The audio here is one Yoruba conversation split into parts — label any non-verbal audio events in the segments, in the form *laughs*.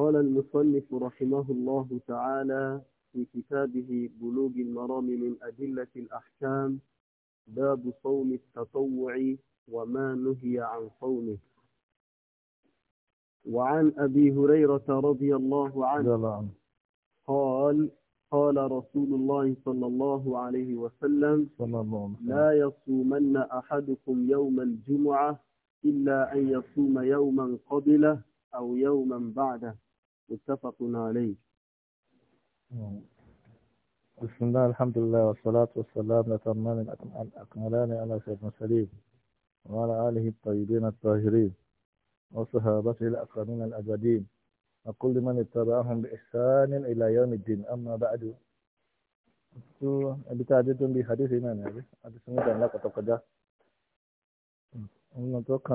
قال المصنف رحمه الله تعالى في كتابه بلوغ المرام من أدلة الأحكام باب صوم التطوع وما نهي عن صومه وعن أبي هريرة رضي الله عنه قال قال رسول الله صلى الله عليه وسلم لا يصومن أحدكم يوم الجمعة إلا أن يصوم يوما قبله أو يوما بعده متفق عليه بسم الله الحمد لله والصلاة والسلام لتمان الأكملان على سيدنا سليم وعلى آله الطيبين الطاهرين وصحابته الأكرمين الأبدين وكل من اتبعهم بإحسان إلى يوم الدين أما بعد itu بحديث di hadis ini nih hadis ini dan lah atau kerja untuk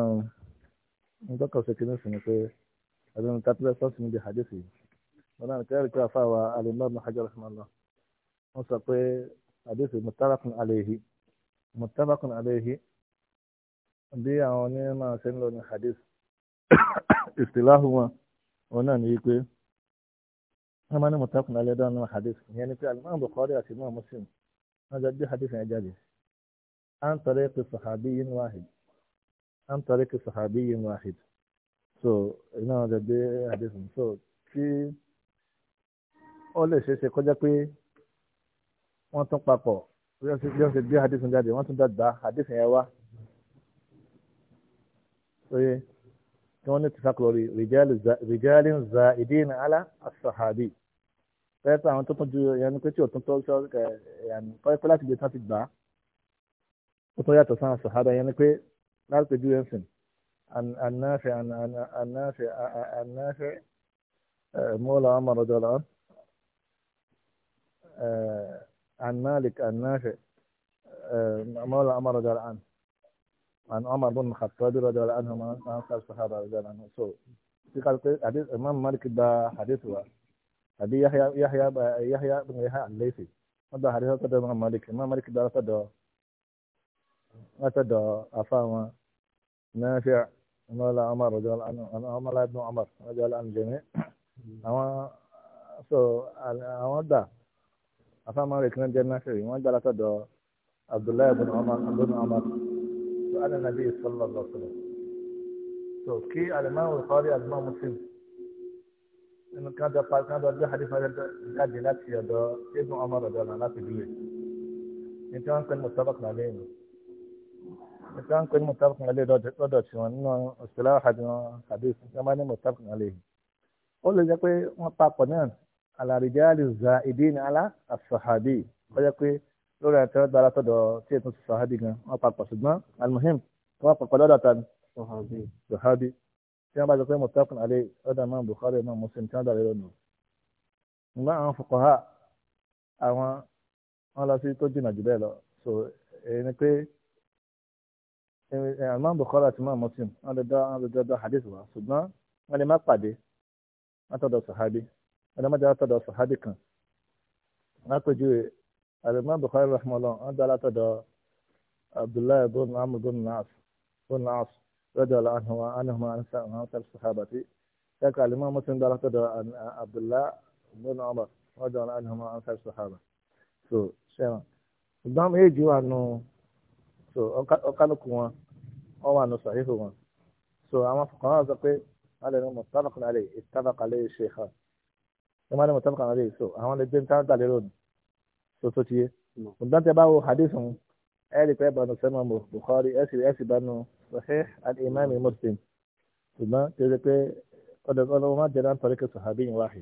untuk kau àbí nǹkan tó bẹ́ẹ̀ sọ́ọ̀sì níbi hadithi wọn náà kẹ́rì pé àfàwà alimọ́ ibn hajar rahimahullah wọn sọ pé hadithi muttafaqun alayhi muttafaqun alayhi bí àwọn onímọ̀ ṣe ń lò ní hadith ìsìláhù wọn wọn náà ní pé wọn máa ní muttafaqun alayhi dáhùn ní hadith ìyẹn ni pé alimọ́ bukhari àti imọ́ muslim wọn jọ gbé hadith yẹn jáde an tariqi sahabiyyin wahid an tariqi sahabiyyin wahid so iná ọ̀dẹ̀ dé àdéhùn so kí ó lè ṣeé ṣe kọjá pé wọ́n tún papọ̀ bí wọ́n ṣe gbé àdéhùn jáde wọ́n tún dàgbà àdéhùn yẹn wá oye tí wọ́n ní tìfakọ̀ lórí rìjálì ń za ìdí ní alá àṣàhàbì pẹ́ẹ́pẹ́ àwọn tó tún ju ẹni pé tí ò tún tọ́ sọ ẹ̀yàn pẹ́ẹ́pẹ́ láti gbé tán ti gbà á ó tún yàtọ̀ sáà àṣàhàbì ẹni pé láti pé ju ẹ̀sìn النافع النافع النافع مولى عمر رضي الله عنه عن مالك النافع مولى عمر رضي الله عنه عن عمر بن الخطاب رضي الله عنهما عن الصحابة رضي الله عنهم سو في قال حديث إمام مالك ده حديث حديث يحيى يحيى يحيى بن يحيى الليثي هذا حديث هذا إمام مالك إمام مالك ده هذا هذا أفهم نافع mọ́lá Umar rọ̀jọ́lá ọmọlá ibn Umar rọ̀jọ́lá ń jẹ́mi àwọn so àwọn dà afáàmọ́ rẹ̀ kí wọ́n jẹ́ náṣẹ́rì wọ́n dá látọ̀dọ̀ Abdullahi ibn Umar ibn Umar so alẹ́ nàbí sallallahu alaihi wasallam so kí alimami Bukhari alimami Muslim nínú kí wọ́n jọ pa kí wọ́n jọ gbé hadith wọn jáde láti ọ̀dọ̀ ibn Umar rọ̀jọ́lá láti dúró ní tí wọ́n ń pè ní mustapha kàlẹ́ yìí nípa ń pè ní mutafakun alẹ́ lọ́dọ̀ tí wọ́n nínú òṣèlú àhàdùn hadith ní wọ́n bá ní mutafakun alẹ́ yìí ó lè jẹ́ pé wọ́n papọ̀ náà alàrìjáàlì za ìdí ní alá àṣàhàbì ó jẹ́ pé lórí àti ọ̀dọ̀ alátọ̀dọ̀ tí ètò ṣàhàbì gan wọ́n papọ̀ ṣùgbọ́n almuhim wọ́n papọ̀ lọ́dọ̀ tani ṣàhàbì tí wọ́n bá jẹ́ pé mutafakun alẹ́ lọ́dọ̀ máa Bukhari máa Muslim tí wọ́n dàrí lọ́nu. ìgbà àwọn fuqaha àwọn wọn lọ so èyí ni imam bukhari àti imam muslim wọn lè dá wọn lè dá hadith wa ṣùgbọ́n wọn lè má pàdé látọ̀dọ̀ sàhábì wọn lè má dá látọ̀dọ̀ sàhábì kan wọn pèjú imam bukhari rahmanulah wọn dá látọ̀dọ̀ abdullahi ibn amr ibn naas ibn naas radiyallahu anhu wa anhu ma ansa wa ansa sahabati kaka imam muslim dá látọ̀dọ̀ abdullahi ibn umar radiyallahu anhu ma ansa sahabati so ṣe wọn ṣùgbọ́n èyí ju àánú so ọkálùkù wọn wọn wà nù sàhíhù wọn so àwọn kan náà sọ pé alẹ́ ní mọ̀tàbàkùn alẹ́ ìtàbàkàlẹ́ ṣèkà ẹ máa ní mọ̀tàbàkùn alẹ́ so àwọn lè gbé ní táwọn dàlẹ́ lónìí so tó ti yé ǹdọ́n mm. tẹ bá wo hadith wọn ẹ rí pé banu sẹ́mọ̀ mọ̀ Bukhari ẹ sì ẹ sì banu sahih al-imami Muslim ṣùgbọ́n tó yẹ pé ọlọ́wọ́ má jẹ́ náà tọ́rí kí sọ̀hábí yìí wáhì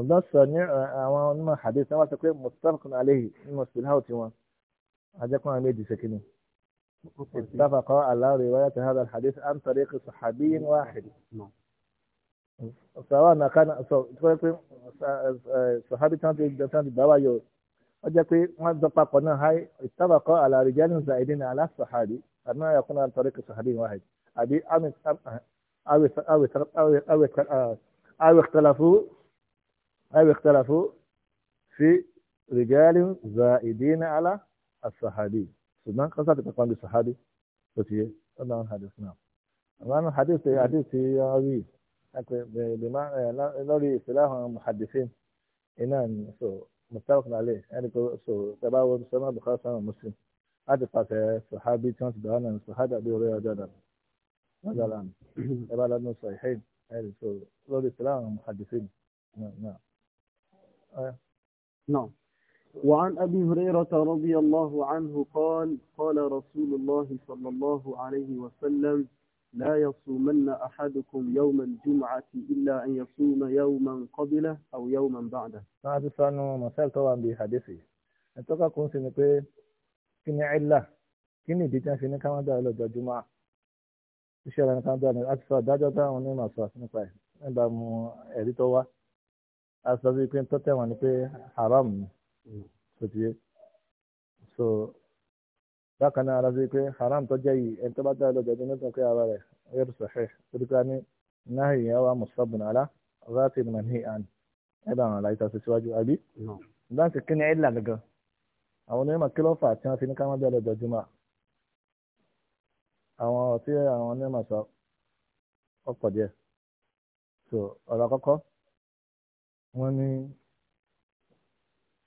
ǹdọ́n sọ ní àwọn onímọ̀ hadith wọn wá sọ pé mọ̀tàbàkùn alẹ́ yìí ní mọ̀ عجبكم عن ميدي سكنين اتفق على رواية هذا الحديث عن طريق صحابي نعم. واحد نعم. سواء كان صحابي كان في الدوايو أجاكي ما تطاقنا اتفق على رجال زائدين على الصحابي أما يكون عن طريق صحابي واحد أو أو أو أو اختلفوا أو اختلفوا في رجال زائدين على الصحابي سنان قصد تقوم بالصحابي وتي أنا عن حديث نعم أنا حديث حديث يروي بما لوري سلاح المحدثين إنان سو متفق عليه يعني سو تباو سما بخاري سما مسلم هذا فات صحابي كان سبحان الصحابة أبي هريرة جدا هذا الآن تبع لنا الصحيحين يعني سو لوري سلاح المحدثين نعم نعم وعن أبي هريرة رضي الله عنه قال قال رسول الله صلى الله عليه وسلم لا يصومن أحدكم يوم الجمعة إلا أن يصوم يوما قبله أو يوما بعده هذا سأنه مسألة طبعا بحديثي أتوقع كون سنكوي كني علا كني ديتان فيني كما دا لدى جمعة ìṣẹ̀lẹ̀ nìkan dáa ní àtìsọ àdájọ́ táwọn onímọ̀ sọ nípa ẹ̀ nígbà mu ẹ̀rí tó wá Mm. sotie so bákan náà ara sí pé haram tó jẹ́ yìí ẹni tó bá dá lọ́jọ́ ẹni tó ń pè ara rẹ̀ ẹ̀rù sọ̀hẹ́ torí pé a ní náà ìyẹn wa mùsàbùn àlá ráàtì ìmọ̀ ní àn ẹ̀bà àwọn àlàyé tó ṣe síwájú àbí ìdáǹkì kí ni ẹ̀ là gangan àwọn onímọ̀ kí ló fà tí wọ́n fi ní ká má bẹ́ẹ̀ lọ́jọ́ jùmọ̀ àwọn tí àwọn onímọ̀ sọ ọkọ̀ díẹ̀ so ọ̀rọ̀ àkọ́kọ́ wọ́n ní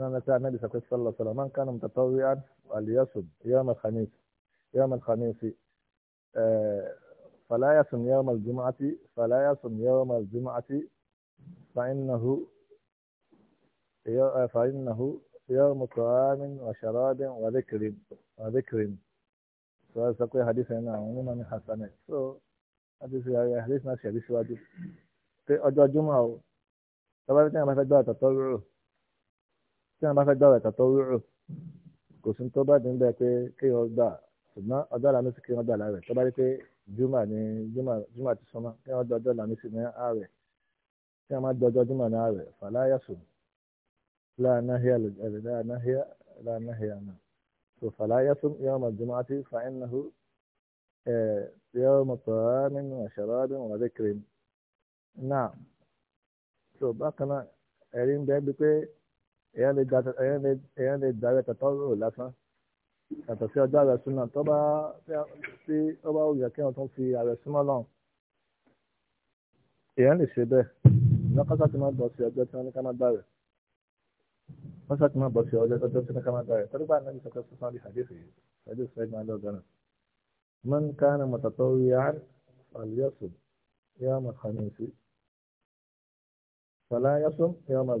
نساء النبي صلى الله عليه وسلم من كان متطوعا فليصم يوم الخميس يوم الخميس آه، فلا يصم يوم الجمعة فلا يصم يوم الجمعة فإنه آه، فإنه يوم طعام وشراب وذكر وذكر فسقي حديث هنا عموما من حسنات so حديث حديث ناس حديث واجب ọjọ́ jùmọ̀ o tọ́ba tí wọ́n bá fẹ́ tí wọn bá fẹ́ gbàwẹ̀ tàtọ́ rúrù kò sí tó bá dín bẹ́ẹ̀ pé kéèyàn gbà ṣùgbọ́n ọjọ́ làmísì kéèyàn gbà láàrẹ̀ tó bá rí pé juma ni juma ti sọmọ kéèyàn gbà ọjọ́ làmísì ní ààrẹ̀ tí wọn máa gbà ọjọ́ juma ní ààrẹ̀ fàlàyà sùn láàánáhíà láàánáhíà láàánáhíà náà so fàlàyà sùn yawm al-jumu'ati fa innahu yawm ta'amin wa sharabin wa dhikrin èèyàn lè dàrẹ tẹ̀tọ́ rò lásán yàtọ̀ sí ọjọ́ ààrẹ súnmọ́ tó bá tí ó bá wùyà kí wọ́n tún fi ààrẹ súnmọ́ náà èèyàn lè ṣe bẹ́ẹ̀ ní kọ́sà tí máa bọ̀ sí ọjọ́ tí wọ́n ní ká má dàrẹ̀ kọ́sà tí máa bọ̀ sí ọjọ́ tí wọ́n ní ká má dàrẹ̀ torí bá anábì sọ pé sọ́sọ́ di hadith yìí hadith fẹ́ gbọ́n lọ́gán náà man kana mutatarri'an yasum yawm al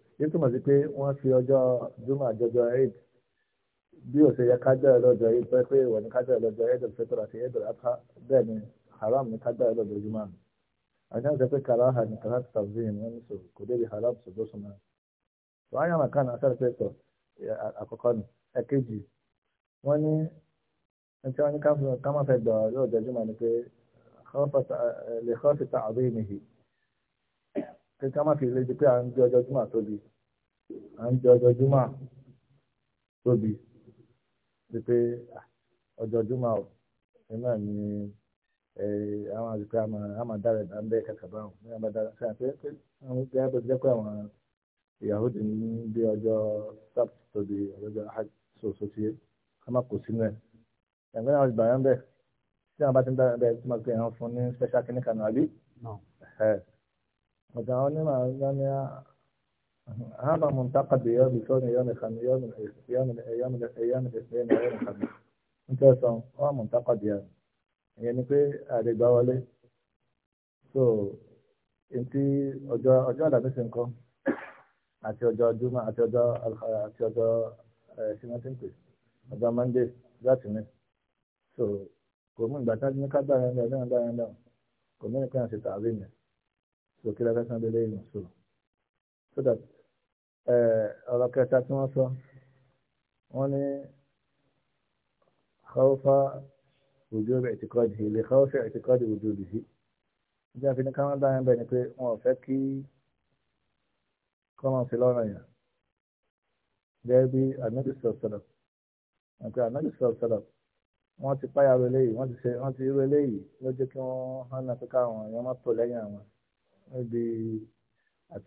yìí túmọ̀ sí pé wọ́n fi ọjọ́ júmọ̀ àjọjọ eid bí ó ṣe yẹ kájọ ẹ lọ́jọ́ eid pé pé ìwọ ní kájọ ẹ lọ́jọ́ eid of fitr àti eid of adha bẹ́ẹ̀ ni haram ní kájọ ẹ lọ́jọ́ júmọ̀ àti àwọn ìṣẹ́pẹ́ karaha ní karaha tazim wọn sọ kò débi haram ṣùgbọ́n sọ náà wọ́n á yàn màkà náà sáré pẹ́tọ̀ àkọ́kọ́ ni ẹ̀kejì wọ́n ní ẹni tí ní ká pé ká má fi lè di pé à ń jẹ ọjọ́ júmọ̀ tóbi à ń jẹ ọjọ́ tóbi di pé ọjọ́ júmọ̀ ò ẹ náà ní àwọn àgbẹ̀ àmà dára dá ń bẹ́ kàkà báwọn ní àmà dára sí àti pé àwọn ìgbà tó jẹ́ pé àwọn Yahudi ní bí ọjọ́ sábà tóbi ọjọ́ àṣọṣọ sí ká má kó sínú ẹ̀ ẹ̀gbẹ́ náà ìgbà yẹn bẹ́ẹ̀ tí àwọn bá ti ń dára bẹ́ẹ̀ tí wọ́n ti ń fún ní special clinic àná àbí ọ̀gá onímọ̀ àwọn ní هذا منتقد بيوم يكون يوم الخميس يوم يوم يوم يوم الاثنين يوم الخميس انت سون هو منتقد يعني يعني pé àdìgbà wọlé so ntí ọjọ́ ọjọ́ àdàbẹsẹ nǹkan àti ọjọ́ júmọ́ àti ọjọ́ àti ọjọ́ ṣìmọtìǹpì ọjọ́ monday láti ní so kò mú ìgbà tí wọn ti ní ká dára ẹ lọ náà dára ẹ lọ kò ní nǹkan ṣe tààrí yẹn sókè lọ́kàtà lélẹ́ ìmọ̀ so so that ọ̀rọ̀ kẹta tí wọ́n sọ wọ́n ní khawfa wujub i'tiqadihi li khawfi i'tiqadi wujubihi ìjà fi ní káwọn dáhùn bẹ́ẹ̀ ni pé wọn ò fẹ́ kí kọ́mọ̀ sí lọ́rọ̀ yẹn gẹ́gẹ́ bí anabi sọ̀sọ̀rọ̀ àti anabi sọ̀sọ̀rọ̀ wọ́n ti páyà rẹ̀ léyìí wọ́n ti ṣe wọ́n ti rẹ̀ léyìí ló kí wọ́n hánà pé káwọn èèyàn má tò lẹ́yìn àwọn níbi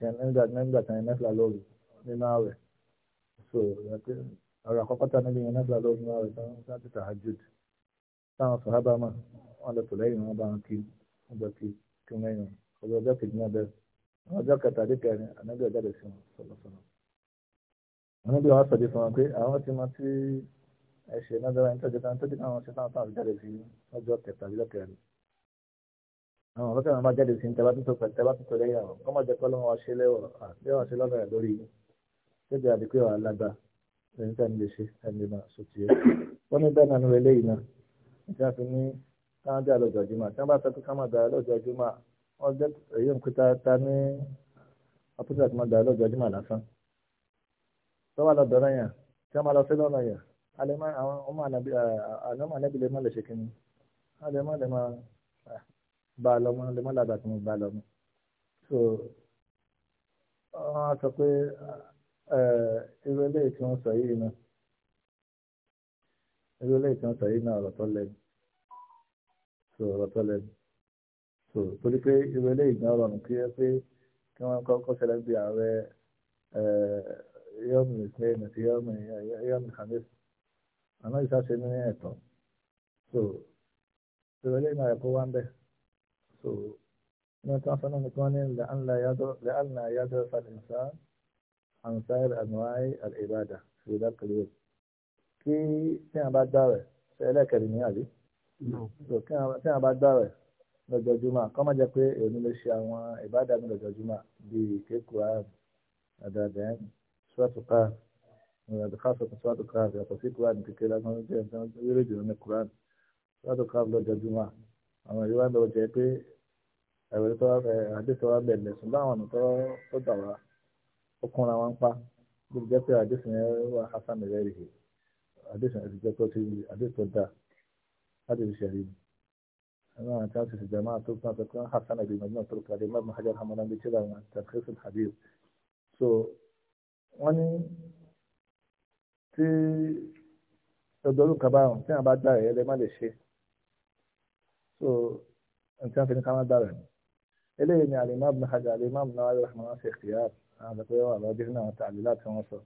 nígbà tí ẹni mẹ́fìlá lóru nínú ààwẹ̀ so ọ̀rọ̀ àkọ́kọ́ tá níbi ẹni mẹ́fìlá lóru nínú ààwẹ̀ tán láti tahajjud táwọn sọ̀hábà mà wọ́n lọ tò lẹ́yìn wọn bá wọn kí wọ́n jọ kí kí wọ́n yàn ọjọ́ ọjọ́ kejì náà bẹ́ẹ̀ àwọn ọjọ́ kẹtàdínlẹ́rin ànábì ọjọ́ bẹ̀ sí wọn sọ̀rọ̀sọ̀rọ̀ wọn bí wọn sọ̀dí fún wọn pé àwọn ti mọ tí ẹ̀ṣẹ̀ náà dára ní tọ́jú náà tọ́jú náà wọn ṣe táwọn táwọn jáde sí ọjọ́ kẹtàdínlẹ́rin àwọn ọ̀rọ̀ tẹ̀wọ̀n bá jáde sí tẹ́bá tó pẹ̀lú tẹ́bá tó tẹ̀lé yàrá kọ́mọ jẹ́ kọ́ lọ́wọ́ ṣe lẹ́wọ̀ àti wọ́n ṣe lọ́dọ̀ rẹ̀ lórí yìí tẹ́jọ́ àdìpé wà lágbà ẹni tẹ́ni lè ṣe ẹni náà sòtì ẹ́ wọ́n ní bẹ́ẹ̀ nánú eléyìí náà nígbà tó ní káwọn dé àlọ́jọ́ jùmọ̀ tí wọ́n bá tẹ́tí káwọn dà lọ́jọ́ jùmọ̀ wọ́n jẹ́ èyí ń pété ta ní apútà tí wọ́n dà lọ́jọ́ jùmọ̀ lásán tó wà lọ́dọ̀ bá a lọ mọ́ lè làgbà tí mo bá lọ mọ́ so wọ́n á sọ pé irú eléyìí tí wọ́n sọ yìí náà irú eléyìí tí wọ́n sọ yìí náà ọ̀rọ̀ tó lẹ́nu so ọ̀rọ̀ tó lẹ́nu so torí pé irú eléyìí gan rọrùn kí ẹ pé kí wọ́n kọ́kọ́ ṣẹlẹ̀ bí ààrẹ yọ́mù ìsìlẹ̀yìn àti yọ́mù ìhàmẹ́sì àmọ́ ìṣàṣe ní ẹ̀tọ́ so irú eléyìí náà ẹ̀kọ́ wá ń bẹ́ẹ̀ so iná tí wọ́n sọ náà ni kí wọ́n ní lẹ́àlá yàtọ̀ fàdínsá ansáyẹ̀d ànúwáyé àlèbàdà ṣùgbọ́n kìlọ̀ kí tí wọ́n bá dá rẹ̀ ṣe ẹlẹ́kẹ̀rin ní àbí so tí wọ́n bá dá rẹ̀ lọ́jọ́júmọ́ kọ́ má jẹ́ pé èmi lè ṣe àwọn ìbádà mi lọ́jọ́júmọ́ bíi kéku ààrùn àdàdà ẹ̀ ṣùwàtúkà ìrìnàdùkàṣọ kan ṣùwàtúkà yàtọ̀ sí kúránì kékeré lágbọ́n jẹ́ ìrìnàdùkàṣọ lọ́jọ́júmọ́ àwọn ìrìnàdùkàṣọ jẹ́ pé ẹ̀rọ tó wá fẹ́ adé tó wá bẹ̀rẹ̀ ṣùgbọ́n àwọn ọ̀nà tó gbà wá ó kúnra wọn pa bí jẹ́ pé adé sìn yẹn wà hasan rẹ̀ rèé adé sìn yẹn ti jẹ́ pé ti adé tó dáa láti fi ṣẹ̀rí ni ẹ̀rọ àwọn tí wọ́n ti ṣèjọba tó fún àpẹ pé hasan rẹ̀ mọ̀júmọ̀ tó kàdé mọ́ hajar hamadan bíi tíra wọn tàkìrìsì habib so wọ́n ní tí ọdọ́rùn kan bá rùn tí wọ́n bá dá rẹ̀ ẹ lẹ́ má lè ṣe so nǹkan fi ní ká má dá rẹ̀ ni eléyìí ni alimá ibn hajj alimá ibn Nawawi rahman ṣe kìyàr àwọn sọ pé wà lọ́jọ́ nínú àwọn tàbí láti wọ́n sọ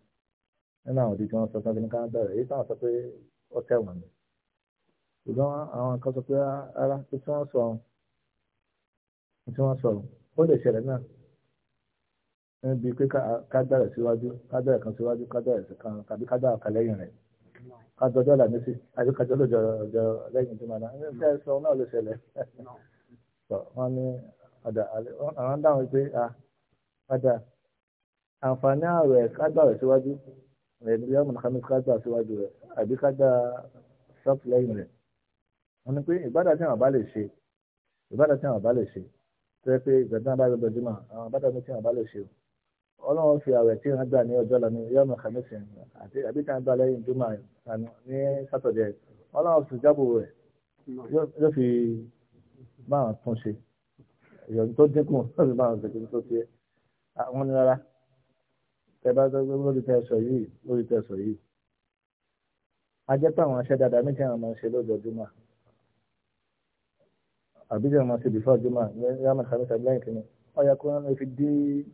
nínú àwọn òdì tí wọ́n sọ sọ́dún ní Canada rẹ̀ èyí táwọn sọ pé ó tẹ̀wọ̀n ni ṣùgbọ́n àwọn kan sọ pé ara tí wọ́n sọ tí wọ́n sọ ó lè ṣẹlẹ̀ náà níbi pé ká bẹ̀rẹ̀ síwájú ká bẹ̀rẹ̀ kan síwájú ká bẹ̀rẹ̀ kan tàbí ká dá ọ̀kan lẹ́yìn rẹ̀ ká dọjọ́ là ní sí àbí ká dọjọ́ lọ́jọ́ lẹ́yìn tí màá náà ẹ̀ sọ náà lè ṣẹlẹ̀ wọ́n ní padà àwọn ń dáhùn pé a padà àǹfààní ààrẹ kágbà rẹ̀ síwájú rẹ̀ ní bíyà mọ̀nàkámi kágbà síwájú rẹ̀ àbí kágbà sọ́ọ̀tù lẹ́yìn rẹ̀ wọ́n ní pé ìbádà tí àwọn bá lè ṣe ìbádà tí àwọn bá lè ṣe tó yẹ pé ìgbàdàn bá gbọdọ̀ jùmọ̀ àwọn ìbádà tí àwọn bá lè ṣe ọlọ́run fi ààrẹ tí wọ́n gbà ní ọjọ́ lọ ní yọ́ sìn àti àbí tí wọ́n gbà lẹ́yìn jùmọ̀ ní sátọ̀dẹ̀ ọlọ́run fi jábọ̀ rẹ̀ yóò fi máa tún ṣe ìyọ̀n tó dínkù lórí *laughs* bá wọn ṣèkí tó tiẹ̀ àwọn ní rárá tẹ bá tọ́ lórí tẹ sọ yìí lórí tẹ sọ yìí a jẹ́ pé àwọn aṣẹ́ dáadáa méjì àwọn máa ń ṣe lójoojúmọ́ àbíjọ́ máa ṣe bìfọ́ ọjọ́ máa yàmà sáré tàbí lẹ́yìn kìíní ọ̀yà kó wọn fi dín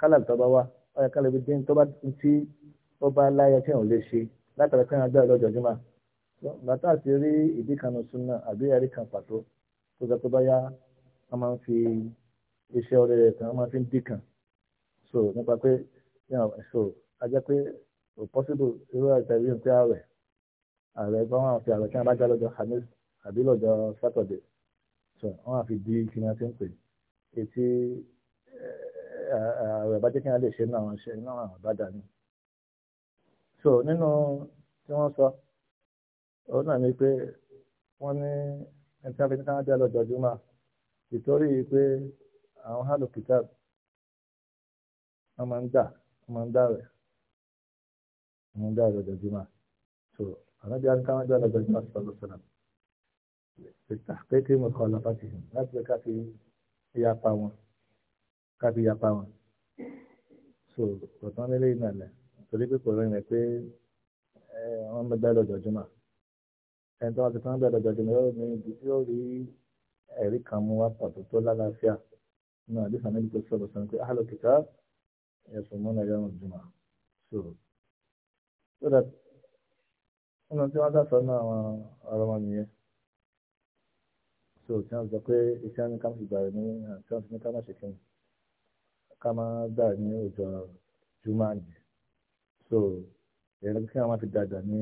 halal tó bá wá ọ̀yà kálẹ̀ fi dín tó bá ti ó bá láyé tí òun lè ṣe látàrí pé àgbà lọ́jọ́júmọ́ bàtà ti rí ìdí kan nù súnà àbí ẹ̀rí kan pàtó tó sọ pé báyà wọ́n máa ń fi iṣẹ́ ọ̀rẹ́ rẹ̀ tán wọ́n máa fi ń dìkan so nípa pé so a jẹ́ pé kò possible irú àìsàn yìí ń pẹ́ ààrẹ ààrẹ bá wọn àti ààrẹ kí wọn bá já lọ́jọ́ Hamis àbí lọ́jọ́ Saturday so wọn àfi di kí wọn ti ń pè etí ààrẹ bá jẹ́ kí wọn lè ṣe náà wọn ṣe náà wọn bá dání so nínú tí wọ́n sọ òun náà ni pé wọ́n ní ẹni tí wọ́n fi ní káwọn já lọ́jọ́ Jumaa ìtorí pé àwọn hàlù kìtàb wọn máa ń dà wọn máa ń dà rẹ wọn máa ń dà rẹ lójoojúmọ́ so àwọn ibi àti káwọn dà rẹ lójoojúmọ́ sí ọdún sọlá pẹtàkì mọ kọ lọpàá ti hàn láti lè káfí yapa wọn káfí yapa wọn so ọ̀tán lélẹ́ yìí nàlẹ́ torí pé kò rìn rẹ̀ pé wọ́n bẹ dá lójoojúmọ́ ẹni tó wọn ti fẹ́ bẹ lójoojúmọ́ yóò rí ẹ̀rí kan mú wá pàtó tó lálàáfíà nínú àdéhùn àmì ìgbésẹ̀ sọ̀rọ̀ sọ̀rọ̀ pé ahlul kitab ẹ̀sùn mọ́nà yawm al-jumu'ah so so that nínú tí wọ́n dáṣọ náà àwọn ọ̀rọ̀ wọn nìyẹn so tí wọ́n sọ pé iṣẹ́ ní kámsì bàrẹ̀ ní àti wọ́n ti ní kámà ṣe kíni kámà dà ní ọjọ́ jùmọ̀ nìyẹn so ìrìn kí wọ́n máa fi dàgbà ní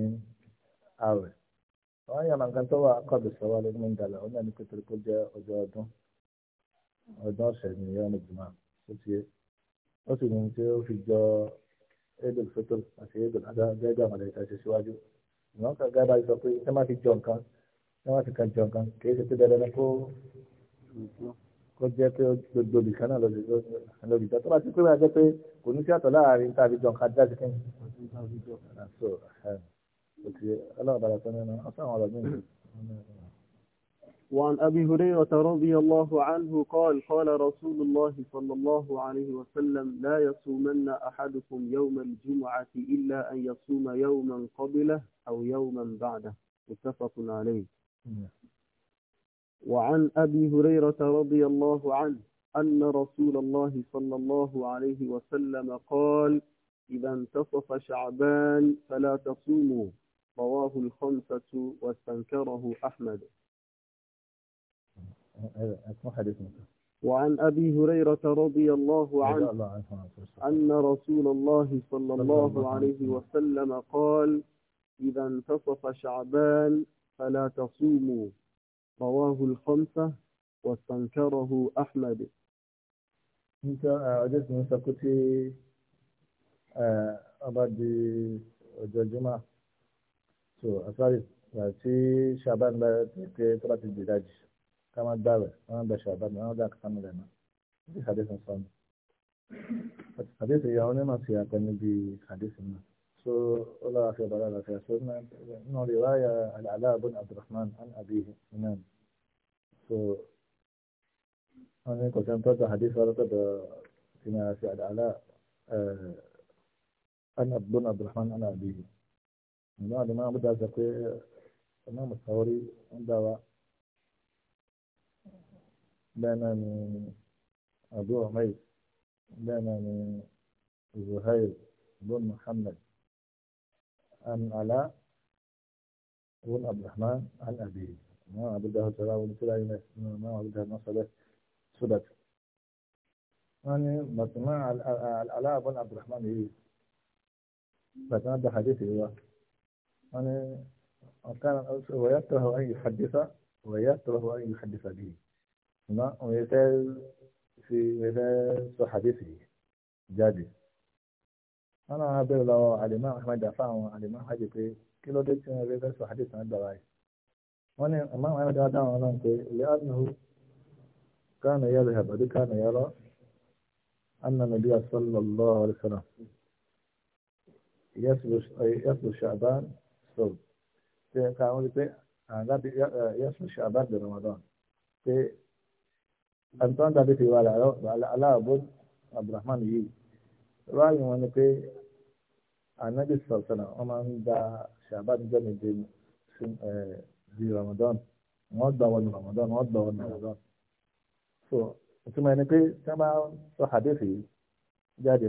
àwẹ̀ wọ́n yàrá nǹkan tó wà kọ́bí sọ́wọ́ lé ní ìdàlẹ̀ ó náà ní pétérì kó jẹ́ ọjọ́ ọdún ọdún ọ̀sẹ̀ ní ìyá ọ̀nàjùmọ̀ ó ti ó sì ní tí ó fi jọ édèl fótó àti édèl adá gẹ́gẹ́ àwọn ẹ̀ka ṣe síwájú ìwọ̀n kan gábà sọ pé ṣé má fi jọ nǹkan ṣé má fi kan jọ nǹkan kì í ṣe pé dandan kó kó jẹ́ pé gbogbo ibìkan náà lóbi jọ tó bá ti pé wá jẹ́ pé kò ní sí àtọ̀ láàrin tàbí jọ nǹkan dá وعن أبي هريرة رضي الله عنه قال قال رسول الله صلى الله عليه وسلم لا يصومن أحدكم يوم الجمعة إلا أن يصوم يوما قبله أو يوما بعده متفق عليه وعن أبي هريرة رضي الله عنه أن رسول الله صلى الله عليه وسلم قال إذا انتصف شعبان فلا تصوموا رواه الخمسة واستنكره أحمد وعن أبي هريرة رضي الله عنه أن رسول الله صلى الله عليه وسلم قال إذا انتصف شعبان فلا تصوموا رواه الخمسة واستنكره أحمد انت أجلس من سكوتي ابدي الجمعه so asáré àti uh, ṣàbánu bá tẹ tó bá ti dè dájì ká má gbà rẹ ká má gbà ṣàbánu ká má gbà kásánu rẹ náà ó ti ṣàdé sàn sàn àdéhùn ìyá onímọ̀ sí apẹ níbi àdéhùn náà so ó lára fi ọ̀bàrà àlàáfíà so nínú rẹ̀ wáyà aláàbọ̀n abdulrahman an abiy inan so wọ́n ní kò sẹ́ni tọ́jú àdéhùn ọlọ́tọ̀dọ̀ ìyá àti eh, àlàá an abdulrahman an abiy. náà ni máa ń dá sọ pé ọmọ mùsàórì ń dá wa bẹ́ẹ̀ náà ni abu umayr bẹ́ẹ̀ náà ni zuhair bin muhammad an ala bin abdulrahman an abi ما عبده ترى ولا ما عبده ما صلى صدق يعني ما العلاء بن عبد الرحمن هي بس هذا حديث هو يعني كان ويكره أن يحدث ويكره أن يحدث به هنا ويتال في مثال حديثه جادي أنا أبي لو علماء أحمد دافع علماء حاجة كي كيلو ديت مثال حديث عن دواي وأنا الإمام أحمد دافع أنا لأنه كان يذهب أدي كان يرى أن النبي صلى الله عليه وسلم يسبش يسبش شعبان so ṣe ká wọ́n rí pé àgbàbí yẹ́sùn ṣe àbábí Ramadan pé àtúntàn dàbí ti wà aláàbò Abdulrahman yìí ráàyè wọn ni pé ànábì sọ̀tọ̀nà wọ́n máa ń da ṣàbábí jẹ́mi di Ramadan wọ́n gbà wọn Ramadan wọ́n gbà wọn Ramadan so ìtumọ̀ ẹni pé tí wọ́n bá sọ hadith yìí jáde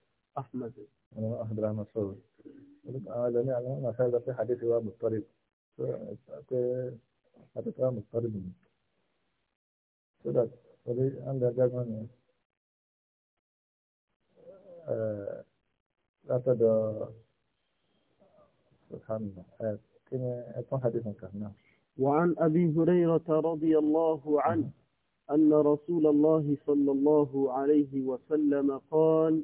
أحمد أحمد أحمد رحمة آه أنا أنا سأل في حديث هو مضطرب حديث هو مضطرب آه، لا سبحان الله آه، كما حديثا كهنا وعن أبي هريرة رضي الله عنه أن رسول الله صلى الله عليه وسلم قال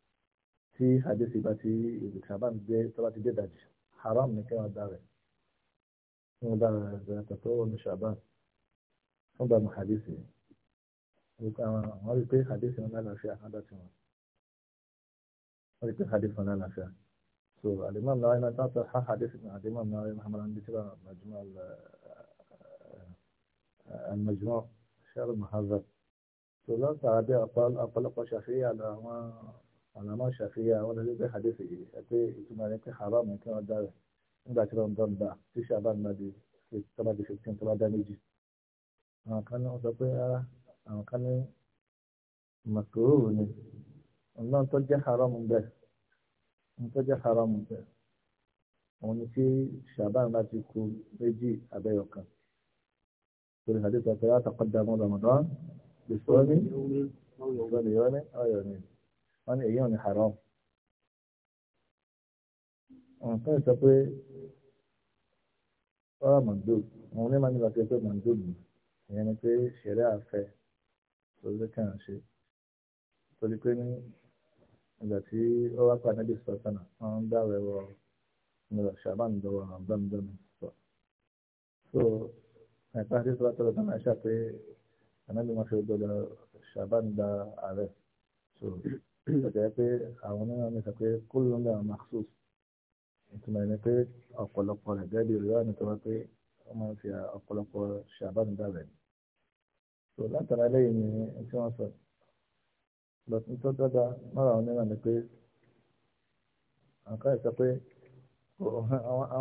tí hadisi bá ti ìbùkún bá ń gbé tó bá ti dé dàjì haram ni kí wọ́n dá rẹ̀ kí wọ́n dá rẹ̀ zẹ̀rẹ̀ tó tó wọnú ṣàbán wọ́n bá mu hadisi wípé àwọn àwọn rí pé hadisi wọn lálàáfíà wọn dá tiwọn wọ́n rí pé hadisi wọn lálàáfíà so alimam náà iná tán sọ ha hadisi náà alimam náà iná hamara ń bí tí wọ́n majmọ́ المجموع شعر المهذب so lọ́sàá bí ọ̀pọ̀lọpọ̀ ṣàfihàn àwọn ọ̀nà máa ṣàfihàn àwọn ọ̀nà pé hadisi yìí ẹ̀pẹ́ ìtumọ̀ rẹ̀ pé haram kí wọ́n dá rẹ̀ nígbà tí wọ́n dán bá tí ṣàbá nígbà tí tọ́ba di fifteen tọ́ba dá méjì. àwọn kan náà sọ pé rárá àwọn kan ní màkúrò ni ọ̀nà tó jẹ́ haram bẹ́ẹ̀ ọ̀nà tó jẹ́ haram bẹ́ẹ̀ òun ni tí ṣàbá nígbà ti ku méjì abẹ́yọ̀ torí hadisi ọ̀pẹ̀ látàkọ́dá mọ́ Ramadan lè wọ́n ní èyí ò ní haram àwọn kan sọ pé rárá mandub àwọn onímọ̀ nípa ti pé mandub ni ìyẹn ni pé ṣẹ̀rẹ́ àfẹ́ lórí kí wọ́n ṣe torí pé ní ìgbà tí ó wá pàdé bí sọ sánà wọ́n ń dáwọ̀ ẹ̀wọ̀ nílò ṣàbán dọ̀wọ̀ àbámdọ́nù sọ. so ẹ̀ka tí sọ́wọ́ tọ́lọ́ sánà ṣàpé ànábì wọn fi gbọdọ̀ ṣàbán da ààrẹ so ọ̀jẹ̀ pé àwọn onímọ̀ mi sọ pé kúlù ló ń bẹ̀rẹ̀ maxus ìtumọ̀ ẹni pé ọ̀pọ̀lọpọ̀ rẹ̀ gẹ́gẹ́ bí olùwà ní tọ́wọ́ pé wọ́n máa ń fi ọ̀pọ̀lọpọ̀ ṣe àbánidàrẹ̀ ni. tó látara lẹ́yìn ni tí wọ́n sọ lọ́sùn tó dọ́gba mọ́ra àwọn onímọ̀ ni pé àǹkà sọ pé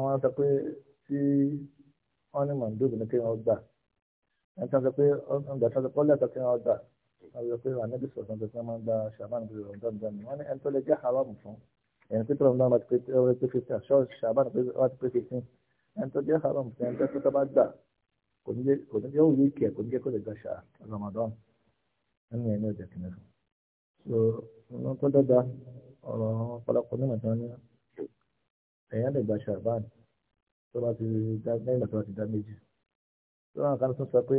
àwọn sọ pé tí wọ́n ní mọ̀ndóbi ni kí wọ́n gbà ẹni tí wọ́n sọ pé ọ̀gbà tí wọ́n sọ pé ọ̀lẹ́tọ̀ àwùjọ pé ànábì sọ̀tàn tó sọ́mọ́ ń gba ṣàbánu pé rọ̀mùdán dán ni wọ́n ní ẹni tó lè jẹ́ haramu fún ẹni tó rọ̀mùdán bá ti pé fifteen àṣọ ṣàbánu bá ti pé fifteen ẹni tó jẹ́ haramu fún ẹni tó tó bá gbà kò ní jẹ́ òye ìkẹ́ kò ní jẹ́ kó lè gba ṣà Ramadan ẹni ẹni ọjà kìnìún fún. so wọn tó dọ́gba ọ̀rọ̀ ọ̀pọ̀lọpọ̀ nígbà tí wọ́n ní ẹ̀yán lè gba ṣàbánu tó bá ti dá méjì tó wọn kàn tún sọ pé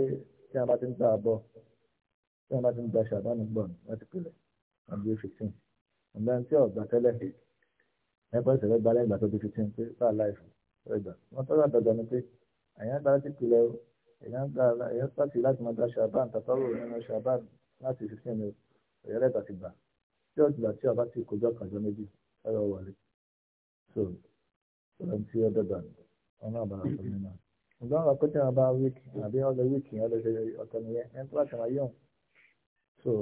tí wọn bá ti ń gbà bọ̀ tí wọ́n bá ti ń gba ṣàbá ní gbọ̀n láti pilẹ̀ àbí fifteen ọ̀gá tí ọ̀gbà tẹ́lẹ̀ ẹ̀kọ́ ìṣẹ̀lẹ̀ gba lẹ́gbàá tó di fifteen pé fáà láìfù ẹgbà wọ́n tọ́jú àtàgbà ni pé àyàn gba láti pilẹ̀ o èèyàn gba èèyàn pàṣẹ láti máa gba ṣàbá tàtọ́rọ̀ nínú ṣàbá láti fifteen o èèyàn lẹ́gbàá ti gbà tí ọ̀gbà tí ọba ti kọjọ́ kàjọ méjì ẹ̀rọ wọlé so ọ̀rọ̀ tí ó dọ̀gbà ọ̀nà àbára fún mi náà ǹgbọ́n àwọn akọ́jọ́ àbá wíìkì àbí ọ̀lẹ́ wíìkì ọ̀lẹ́ ọ̀tọ̀ nìyẹn ẹni tó bá tẹ̀wá yóò so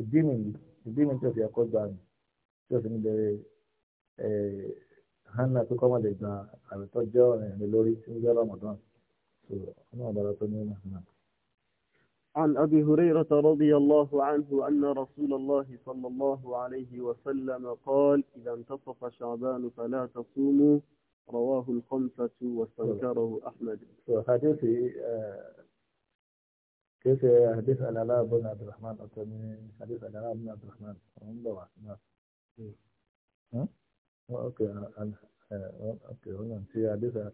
ìdí mi ìdí mi tó fi ẹ̀kọ́ gbà mí tó fi ń bẹ̀rẹ̀ hanna tó kọ́ mọ̀lẹ́ gan àmì tó jẹ́ ọ̀rìn mi lórí tí ń jẹ́ ramadan so ọmọ ọ̀bàrà tó ní ọ̀nà. عن أبي هريرة رضي الله عنه أن رسول الله صلى الله عليه وسلم قال إذا انتصف شعبان فلا تصوموا رواه الخمسة واستنكره أحمد. كيف حديث العلاء بن عبد الرحمن التميمي حديث العلاء بن عبد الرحمن هم ضوء ها اوكي أنا اوكي هنا نعم. في حديث عند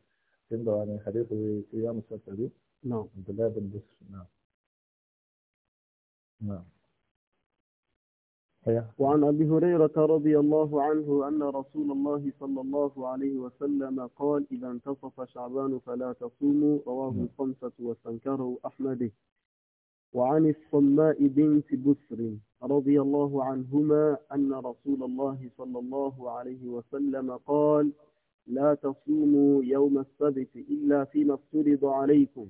يعني عن حديث ايام السبت نعم عبد الله بن بشر نعم نعم وعن أبي هريرة رضي الله عنه أن رسول الله صلى الله عليه وسلم قال إذا انتصف شعبان فلا تصوموا رواه نعم. الخمسة واستنكره أحمده وعن الصماء بنت بسر رضي الله عنهما أن رسول الله صلى الله عليه وسلم قال لا تصوموا يوم السبت إلا فيما افترض عليكم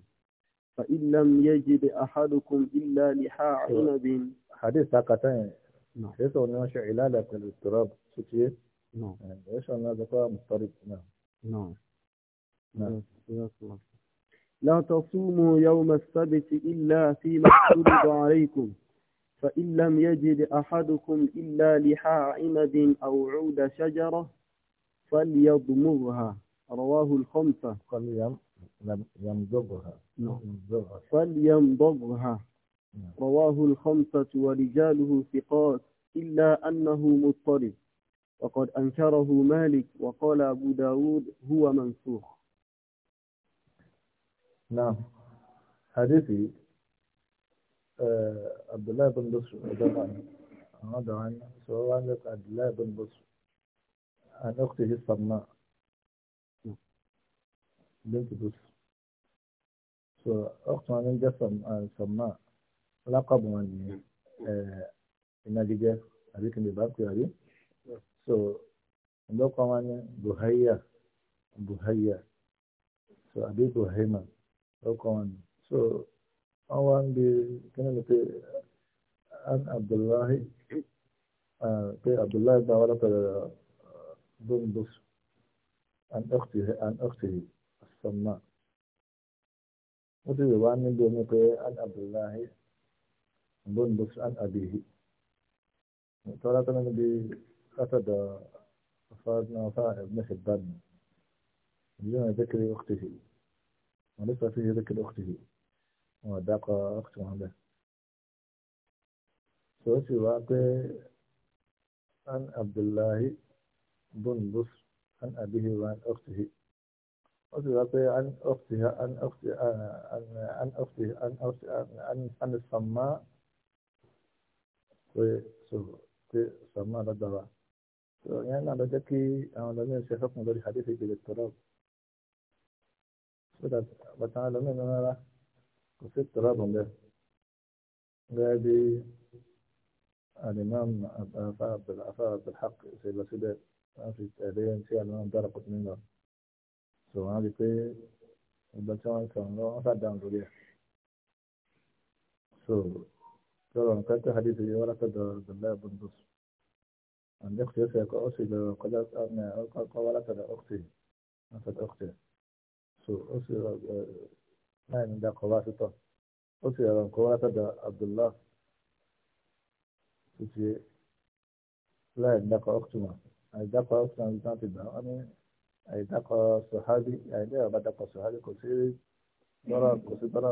فإن لم يجد أحدكم إلا لحاء عنب حديث ساقتين نعم ليس هناك علالة الاضطراب كتير نعم يعني ايش انا ذكر مضطرب نعم نعم نعم لا تصوموا يوم السبت إلا فيما افترض عليكم فإن لم يجد أحدكم إلا لحاء عمد أو عود شجرة فليضمرها رواه الخمسة فليمضغها فليمضغها نعم. رواه الخمسة ورجاله ثقات إلا أنه مضطرب وقد أنكره مالك وقال أبو داود هو منسوخ نعم حديثي آه، عبد الله بن بصر هذا عن سؤال عبد الله بن بصر عن أخته الصماء بنت بصر أخته من جسم الصماء آه، لقب من النجدة هذيك اللي بابك هذه سو لقب من بهية بهية سو أبي بهيمة ọkọ̀ so wọ́n di ń bi an abdullahi ke abdullahi gba wọn látọ̀rọ̀ bóńbós an ọ́kùtìrì an ọ́kùtìrì sọ́mà wọ́n ti rẹ̀ wá níbi omi an abdullahi bóńbós an abihi tọ́lá tó níbi látọ̀dọ̀ afárá náà fáà ẹ̀gbẹ́sẹ̀ bá mi ìlú náà ذكر وليس فيه ذكر أخته وذاق أخت محمد سوسي واقع عن عبد الله بن بص عن أبيه وعن أخته وفي واقع عن أختها عن أخت عن أخته عن أخت عن عن السماء في في السماء ردها يعني أنا بدك أنا لازم أشوفك من الحديث بالتراب وتعلم منه هذا وست رضا به غادي الإمام أفاد بالأفاد بالحق سيد الأسيد في التأذين في الإمام درق من الله سواء بكي البتوان كان له أفاد دعم ذليه سو ترى أن كانت حديثة يورا قد الله بن بص أن يختي يسيك أسيد وقلت أبنى أقلت أولا أختي أفاد أختي so ó sì rọ náà ní dakọ̀ wá sítọ̀ ó sì rọ nǹkan wá látọ̀dọ̀ Abdullah títí láì dakọ̀ ọ̀túnmá àìdakọ̀ ọ̀túnmá ní sáà ti gbà wọ́n ní àìdakọ̀ sọ̀hábí àìdẹ́rẹ̀ bá dakọ̀ sọ̀hábí kò sí tọ́lá kò sí tọ́lá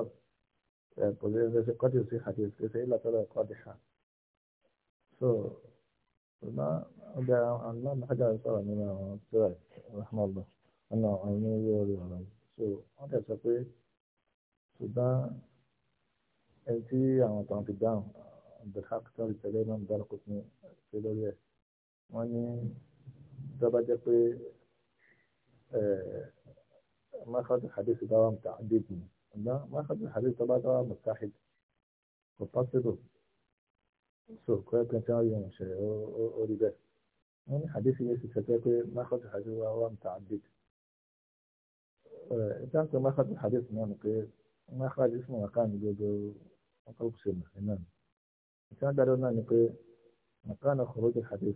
kò sí ẹsẹ̀ kọ́tì sí àti ẹsẹ̀ ìlà tọ́lá kọ́tì ṣá so ṣùgbọ́n ọgbà àwọn ọlọ́run ajá sọ̀rọ̀ nínú àwọn tíra rahman allah ọ̀nà àwọn oníwèé orí ọ̀rọ̀ yìí so wọ́n tẹ̀ sọ pé ṣùgbọ́n ẹni tí àwọn tàn ti dáhùn abdulhaq tó ń tẹ̀lé náà dárúkọ sí ṣe lórí ẹ̀ wọ́n ní tọ́ba jẹ́ pé mọ́ṣáàtì hadith bá wà mùtà àdéjì ṣùgbọ́n mọ́ṣáàtì hadith tọ́ba wà mùtà àdéjì kò pọ́sibù so kọ́ ẹ̀ pé tí wọ́n yọ̀ ṣe ó rí bẹ́ẹ̀ wọ́n ní hadith yẹn ti sọ pé mọ́ṣáàtì hadith wà wà mùtà àdéjì. كانت اخذ الحديث من قيس ما اخذ اسمه مكان جوجو وقلب سنة إمام كان دارونا نقي مكان خروج الحديث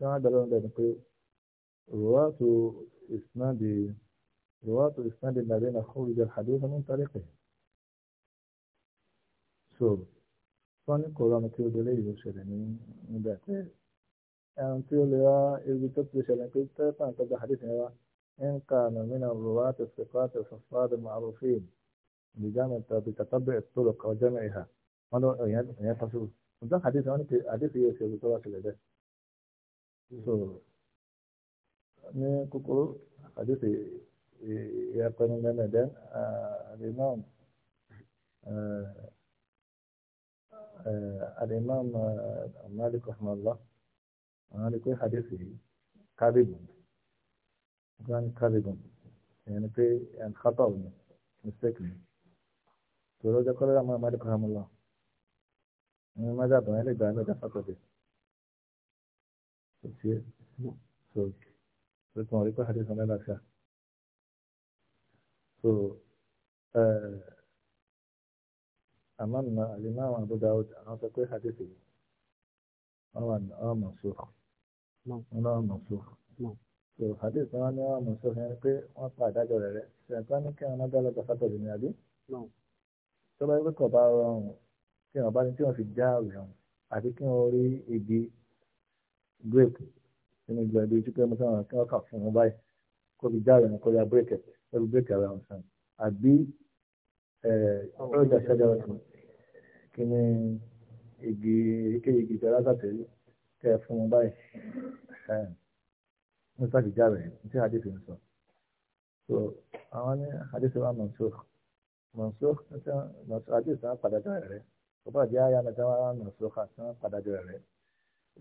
كان دارونا نقي رواة إسناد رواة إسناد الذين خرج الحديث من طريقه شوف فان القران kí دليل délé من ṣẹlẹ̀ ní níbẹ̀ ẹ̀rùn tí ó lè wá ibi tó ti ṣẹlẹ̀ pé tẹ́tàn tọ́jú àdéhùn wa ibi إن كان من الرواة الثقات الحفاظ المعروفين بجامع بتتبع الطرق وجمعها ولو يعني حصل يعني حديث عن يعني حديث يوسف بن طرق الأداء ni kúkúrú àdìsí ìyàpẹnu mẹ́mẹ́dẹ́ كان كاذب يعني في يعني خطأ مستيك تقولوا ده كله ما مالك رحم الله يعني, يعني ما ده بني لك ده فقط دي سوسي سو سو تمہاری کو حدیث ہونے لگا سو أمام الإمام أبو داود أنا تقول حديثي أو أن أو منسوخ أو منسوخ so hadith wọn ní wọn mọ̀ sọ fún yẹn pé wọ́n pa àdájọ́ rẹ̀ rẹ̀ ṣèǹkan ní kí wọn náà dálọ́gbà sátọ̀dẹ̀ ní àbí. tó bá yẹ kó bá rọrùn kí wọn bá ní tí wọn fi já rẹ̀hùn àti kí wọn rí igi grape nínú ìgbà ibi tí pé mo sọ̀rọ̀ kí wọ́n kà fún wọn báyìí kó fi já rẹ̀hùn kó ya bírèkẹ̀ kó fi bírèkẹ̀ rẹ̀hùn sàn àbí ọ̀rọ̀jà ṣẹ́jà rẹ̀ kí ni igi èkéyìí igi tẹ̀lá sàtẹ̀lé kẹ́ fún wọ́n sáà dìjà rẹ̀ tí hadith ń sọ. so àwọn ní hadith wa mansukh mansukh tí mansukh hadith náà padà jọ rẹ̀ ọba àti àyà náà tí wọ́n mansukh àti wọ́n padà jọ rẹ̀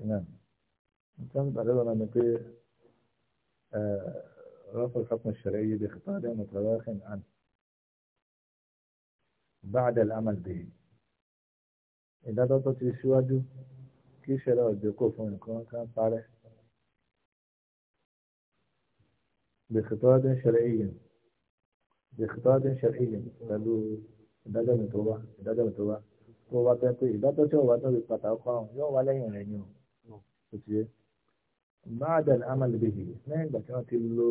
náà nítorí padà jọ náà ni pé رفع الحكم الشرعي بخطاب متراخ عنه بعد العمل به ìdájọ́ tó ti síwájú kí ìṣẹ̀lẹ̀ ọ̀dẹ́kọ̀ fún nǹkan kan parẹ́ بخطاب شرعي بخطاب شرعي قالوا ìdájọ́ mi tó wá ìdájọ́ mi tó wá tó wá pé pé ìdájọ́ tí òwà tó fi pàtàkì kọ́ ọ̀hún yóò wá lẹ́yìn rẹ̀ yìí o kò tiẹ̀ báàdàn amálẹ́bẹ̀hì lẹ́yìn ìgbà tí wọ́n ti lo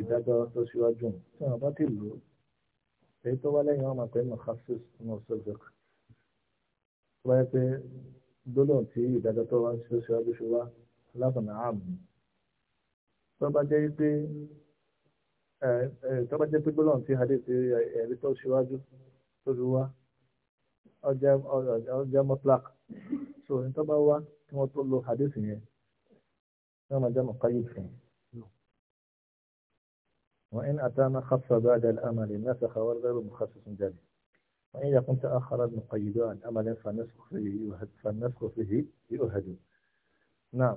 ìdájọ́ tó ṣíwájú tí wọ́n bá ti lò èyí tó wá lẹ́yìn wọn máa pè ní mọ̀kásís ní ọ̀sọ́fẹ́k tó wáyé pé gbólóhùn tí ìdájọ́ tó wá ṣíwájú ṣe wá látọ̀nà ààbò tó bá jẹ́ pé tó bá jẹ́ pé gbólóhùn tí hadith ẹ̀rí tó ṣíwájú tó fi wá ọjà mutlaq so ní tó bá wá kí wọ́n tó lo hadith yẹn ní wọ́n máa jẹ́ muqayyid fún وإن أتانا خص بعد الأمل نسخ والغير مخصص جديد وإن يكن تأخر المقيد عن أمل فالنسخ فيه يؤهد نعم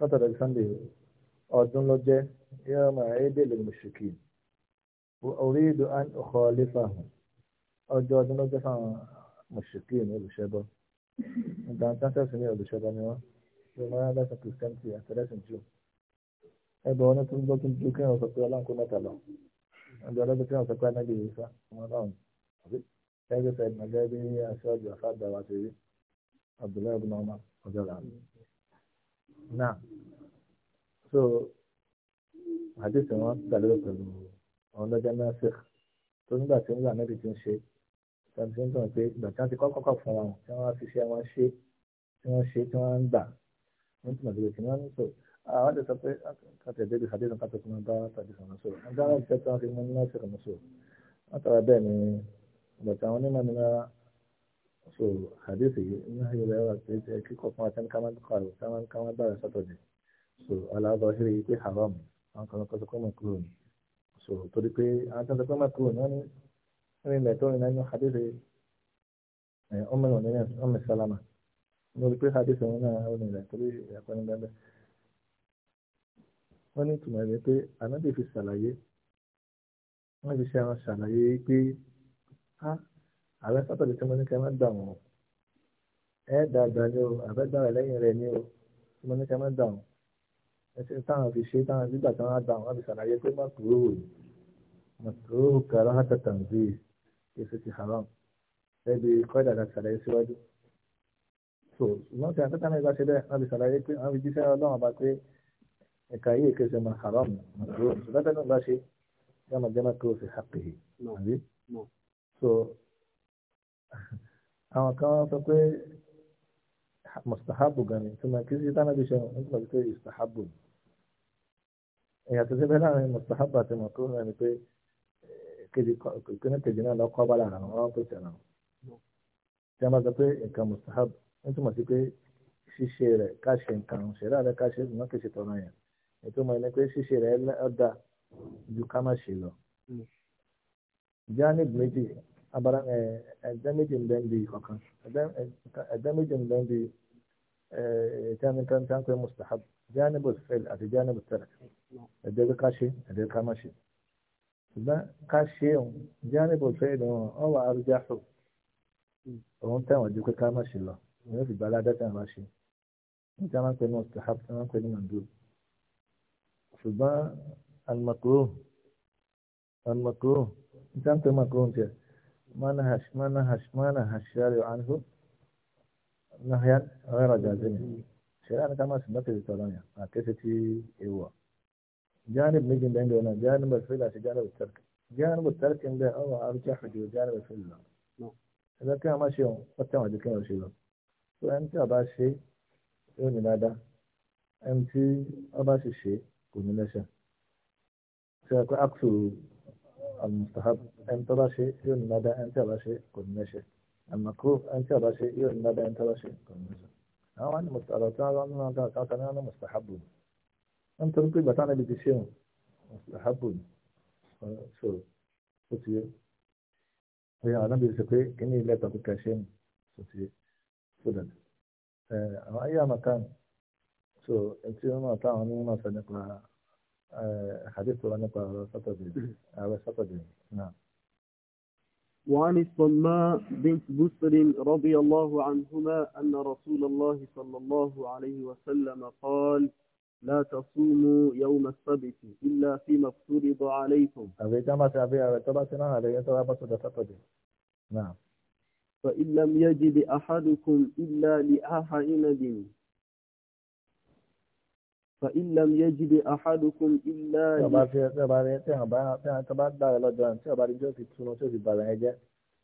saturday sunday ọdún ló jẹ́ yọ́mà ẹ̀ẹ́dẹ̀lẹ̀ mùsùlùkì orí ìdò ọkọ̀ lẹ́fàhùn ọjọ́ ọdún ló jẹ́ fáwọn mùsùlùkì ní olùṣẹ́bọ ìgbà tánsẹ́sì ní olùṣẹ́bọ ni wọ́n ṣe máa ń lẹ́sìn kìrìsìtẹ́ǹtì àtẹ̀lẹ́sìn jù ẹgbẹ́ wọn tó ń gbọ́ tó ń ju kí wọ́n sọ pé ọlọ́run kó mẹ́ta lọ ẹgbẹ́ ọlọ́run kí wọ́n sọ pé anábì yìí sá ọmọ ọlọ́run ẹgbẹ́ fẹ́ẹ́ mọ̀lẹ́bí aṣọ́jú àfáàgbà wa ti rí Abdullahi ibn Umar ọjọ́ làánú náà so àdéhùn wọn gbàlérò pẹ̀lú àwọn ọlọ́jà náà sèk tó nígbà tí nígbà náà ti ń ṣe tàbí tí ń tàn pé ìgbà tí wọ́n ti kọ́kọ́ kọ̀ fún wọn tí wọ́n fi ṣe wọn ṣe tí wọ́n ṣe tí wọ́n ń gbà wọ́n ti màdúró tí wọ́n ń sọ àwọn ti sọ pé kàtẹ́gbẹ́ ti sàdéhùn kàtẹ́ tó máa bá tàbí sọ̀rọ̀ sọ̀rọ̀ wọ́n dáhùn ìfẹ́ tí wọ́n fi mú ní so hadithi ní ayé rẹ̀ wà pé jẹ́ kíkọ́ fún atẹ́ni ká máa kọ́ àrùn ká máa ká máa bára so aláàbọ̀ ṣeré pé haram àwọn kan kọ́ sọ pé mọ̀ kúrò ní so torí pé àwọn kan sọ pé mọ̀ kúrò ní wọ́n ní ilẹ̀ tó rìn nínú hadithi ọmọ ìwọ̀n ní ọmọ ìsálámà ní orí pé hadithi wọn náà ó ní torí ìyàpọ̀ ní bẹ́ẹ̀ wọ́n ní ìtumọ̀ rẹ̀ pé anábì fi ṣàlàyé wọ́n fi ṣe àwọn ṣàlàyé pé ah, ààrẹ sátọ̀dẹ̀ tí mo ní kẹ́ máa dà wọ́n ẹ dàgbà ni o àbẹ́ dàrẹ lẹ́yìn rẹ̀ ni o tí mo ní kẹ́ máa dà wọ́n ẹ ṣe táwọn fi ṣe táwọn nígbà tí wọ́n dà wọ́n fi ṣàlàyé pé má kúrò má kúrò kàrọ́ àtàtàn bíi èso ti haram ẹbí kọ́dà láti ṣàlàyé síwájú so ṣùgbọ́n tí àtàtàn náà bá ṣe bẹ́ẹ̀ wọ́n fi ṣàlàyé pé wọ́n fi jíṣẹ́ ọlọ́run bá pé ẹ̀ka yìí kẹsẹ̀ má haram má kúrò ṣùgbọ́n tí àtàtàn bá ṣe àwọn kan sọ pé mustahabu gan ni tuma kí sí tánà bí ṣe wọn láàrin mustahabu àti mọ̀kúrú náà ni pé kejì kíní kejì náà lọ́kọ́ bá lára wọn tó tẹ̀lé tí a máa sọ pé nǹkan mustahabu ń túmọ̀ sí pé ṣíṣe rẹ̀ ká ṣe nǹkan ṣẹ̀dá rẹ̀ ká ṣe ìmọ̀ yẹn ètò ìmọ̀ pé abala ẹ̀dá méjì ń bẹ́ẹ̀ bí ọ̀kan ẹ̀dá méjì ń bẹ́ẹ̀ bí ẹ̀ẹ́dẹ́ni kan tán pé mustahab jánibus fẹ́l àti jánibus tẹ̀lẹ̀ ẹ̀dẹ́ bí ká ṣe ẹ̀dẹ́ ká má ṣe ṣùgbọ́n ká ṣe òun jánibus fẹ́l òun ọ̀wà arúgbáṣọ òun tẹ̀wọ̀n ju pé ká má ṣe lọ òun sì gbala dẹ́tẹ̀ mustahab tí a máa ń pè ní mandub ṣùgbọ́n alimakuro alimakuro ní tí a ما نهش ما نهش ما نهش الشارع عنه نهيا غير جازم شرعنا كما في ذكرنا أكثتي آه، إيوا جانب نجي عندنا جانب الفيلا في جانب الترك جانب الترك عنده أو أرجح في جانب الفيلا نعم. إذا كان ماشي قدام هذا كان شيء فأنت أباشي يوني نادا أنت أباشي شيء كون نشا سأكون أكثر المستحب أنت ترى شيء يندى أنت ترى شيء قد نشئ المكروه أنت ترى شيء يندى أنت ترى شيء قد نشئ أو أن مستحب كان أنا مستحب أنت تنقل بتانا بتشيء مستحب شو شو هي أنا بيسكوي كني لا تقول كشيء شو سودان أو آه، أي مكان شو أنت ما تعاني ما سنقلها آه، حديث عنك سطدين نعم وعن الصماء بنت بسر رضي الله عنهما أن رسول الله صلى الله عليه وسلم قال لا تصوموا يوم السبت إلا فيما افترض عليكم نعم فإن لم يجد أحدكم إلا لآح إند فإن لم يجد أحدكم إلا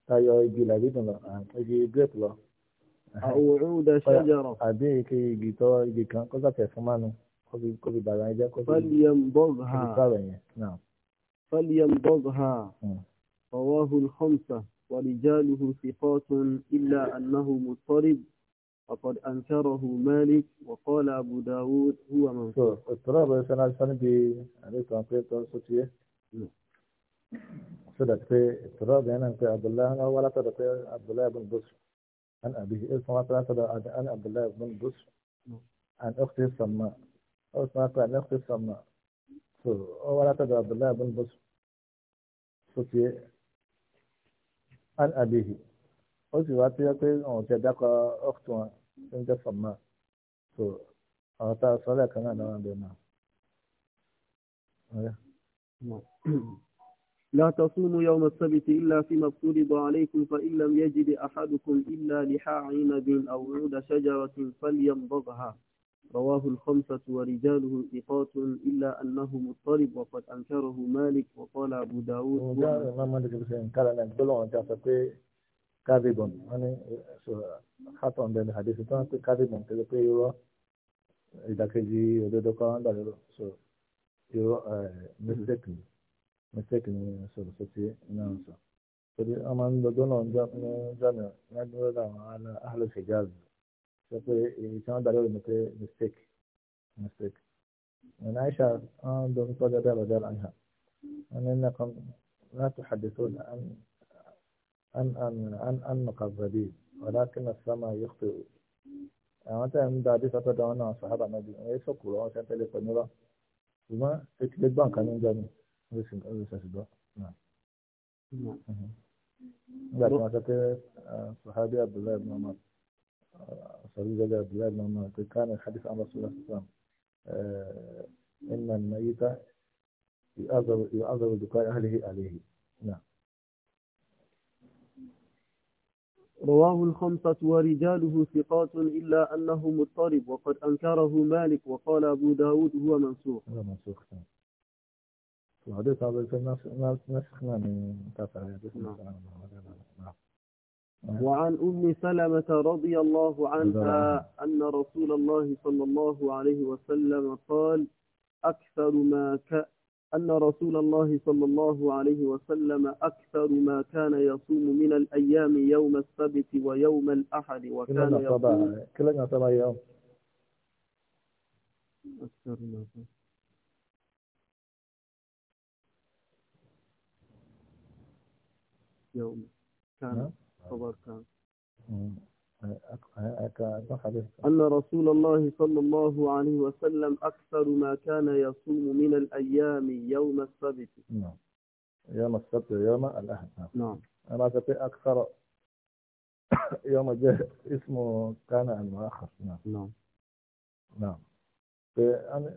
tayọ igi làbídùn lọ igi grape lọ. àwòrán ṣàjọrọ. àbí ike igi tọ igi kan kó sàtẹ̀ fún mánu kó fi bàrà ẹjẹ kó fi. faliam bọ́ọ̀gù ha faliam bọ́ọ̀gù ha ọwọ́ hulhomsa wàlíjálùhùn sífọ́tún ilà annahu mutarib. وقد أنكره مالك وقال أبو داود هو من اضطراب الإنسان الإنسان عليك أن تقول تنصتيه صدق في اضطراب هنا في يعني عبد الله ولا تدق عبد الله بن بصر عن أبيه اسمه ما تدق عن عبد الله بن بصر عن أختي السماء أو اسمها عن أخته السماء ولا تدق عبد الله بن بصر صوتيه عن أبيه ó sì wá tó yẹ pé àwọn ti ẹ̀dákọ̀ ọ̀tún wọn ló ń jẹ́ fọ̀mà so àwọn tá a sọ lẹ́ẹ̀kan náà lọ́wọ́ bẹ́ẹ̀ náà. لا تصوموا يوم السبت إلا فيما افترض عليكم فإن لم يجد أحدكم إلا لحاء عنب أو عود شجرة فليمضغها رواه الخمسة ورجاله ثقات إلا أنه مضطرب وقد أنكره مالك وقال أبو داود kádìbọn wọn ní hátọn bẹ́ẹ̀ ni àdéhùn tí wọn pè kádìbọn kẹlẹ pé irọ́ ìdàkejì òdodo kan ń dàlérò so irọ́ mistake ni mistake ni sọ̀rọ̀ sọtí náà sọ torí wọn máa ń lọ́jọ́ náà ń jáde ládùúgbò àwọn ahlẹ Hijaz sọ pé èyí tí wọn dàlérò ni pé mistake mistake wọn Aisha wọn lọ sọ dáadáa lọ dáadáa àyà wọn ní nàkàn láti hadithuna àmì. أن أن أن أن مكذبين ولكن السماء يخطئ أنا تعلم دادي سات دانا صاحب النبي أي سكولا سنت لي فنورا ثم تكلم بان كان يجاني ويسن ويسن سدوا نعم نعم نعم نعم نعم نعم نعم نعم نعم صديق الله آه، عبد الله بن عمر كان الحديث عن رسول الله صلى الله عليه وسلم آه، ان الميت يعذب يعذب بقاء اهله عليه نعم رواه الخمسة ورجاله ثقات إلا أنه مضطرب وقد أنكره مالك وقال أبو داود هو منسوخ هو منسوخ نعم. وحديث عبد الكريم نسخ من وعن أم سلمة رضي الله عنها أن رسول الله صلى الله عليه وسلم قال أكثر ما ك... أن رسول الله صلى الله عليه وسلم أكثر ما كان يصوم من الأيام يوم السبت ويوم الأحد وكان يصوم كلنا صباح يوم أكثر ما يوم كان نعم. خبر كان أن رسول الله صلى الله عليه وسلم أكثر ما كان يصوم من الأيام يوم السبت نعم يوم السبت ويوم الأحد نعم, نعم. أنا أستطيع أكثر يوم جاء اسمه كان المؤخر نعم نعم نعم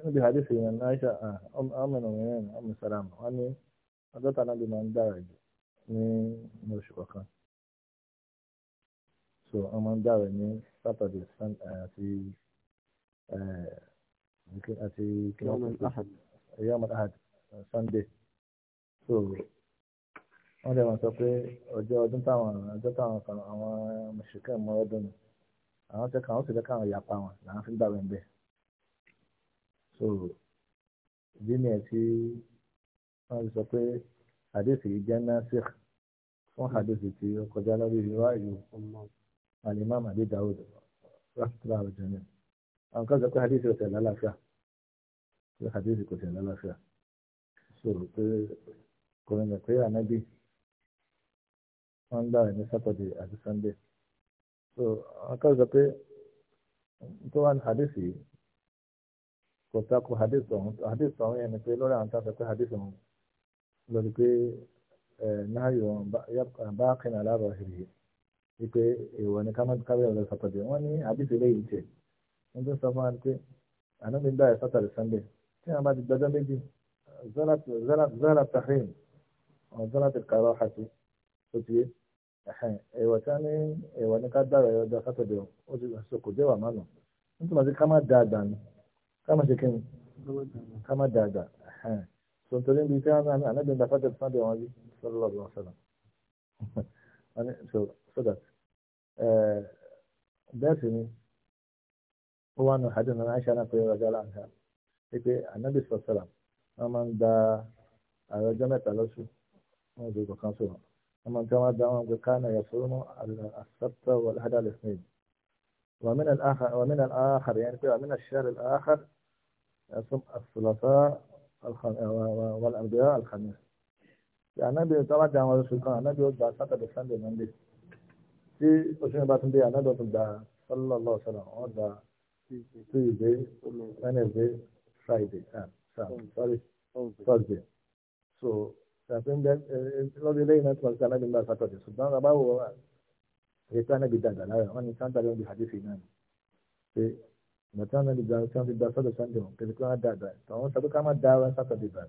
بحديثي من عائشة أم أمن المؤمنين أم سلام أني أدت أنا بمن داعي من نوشبكان so wọ́n máa ń gbàwẹ̀ ní Saturday eh, àti eh, àti yom ahad eh, Sunday so wọ́n dẹ̀ wọ́n sọ pé ọjọ́ ọdún táwọn ọjọ́ táwọn kan àwọn mùsùlùmí mọ́ ọdún ni àwọn tẹ káwọn sì fẹ́ káwọn yapa wọn làwọn fi ń gbàwẹ̀ ń so ìdí nìyẹn tí wọ́n sọ pé àdéhùn yìí jẹ́ náà sí fún àdéhùn tí ó kọjá lórí ìwà alimam abi dawud rahmatulah aljami àwọn kan sọ pé hadith kò tẹ̀lé aláfíà pé hadith kò tẹ̀lé aláfíà sọ̀rọ̀ pé kò ní pé ànábì wọ́n ń gbà ní saturday àti sunday so àwọn kan sọ pé tó wà ní hadith yìí kò tako hadith ọ̀hún hadith ọ̀hún yẹn ni pé lórí àwọn kan sọ pé wípé èèwọ̀ ni kámẹ́tì kábíyà lọ sàpàdé wọ́n ní àdìsí lẹ́yìn tiẹ̀ wọ́n tún sọ fún wa pé ànábi ń dá ẹ̀fọ́ tàbí sunday tí wọ́n bá ti gbọ́jọ́ méjì zara tahrim ọ̀ zara ti kàrọ̀ hàtí ó ti èèwọ̀ tí wọ́n ní èèwọ̀ ni ká dára ẹ̀rọ ọjọ́ sàpàdé ó ti sọ kò dé wà mánu nítorí pé ká má da àgbà ni ká má ṣe kí ni ká má da àgbà sọ̀tọ̀rí bíi tí wọ́n ní ànábi ń dá ẹ̀fọ́ tàbí sunday wọn bí sọ́dọ̀ آه، درسني هو أنه حدثنا عائشة أنا في رجال عنها يقول إيه النبي صلى الله عليه وسلم أمان دا رجمة الأسو منذ بخانسوها أمان كما دعوان كان يصوم السبت والحدى الاثنين ومن الآخر ومن الآخر يعني من الشهر الآخر يصوم الثلاثاء والأربعاء الخميس يعني النبي طبعا دعوان رسول كان النبي يقول بعثة بسند المنبي tí oṣù yẹn bá tún dé anádọ́ tún gba sallallahu sallam wọ́n gba tuesday wednesday friday ah, sorry thursday so ṣàfihàn lọ́dún lẹ́yìn náà tí wọ́n ti anábì ń bá saturday ṣùgbọ́n bàbá wo ètò anábì dàgbà lára wọn ni santa ló ń bi hadith náà pé ìmọ̀tí wọn ti gba tí wọ́n ti gba sọ́dọ̀ sunday wọn pèsè pé wọ́n dàgbà àwọn sọ pé ká má dá wọn saturday bá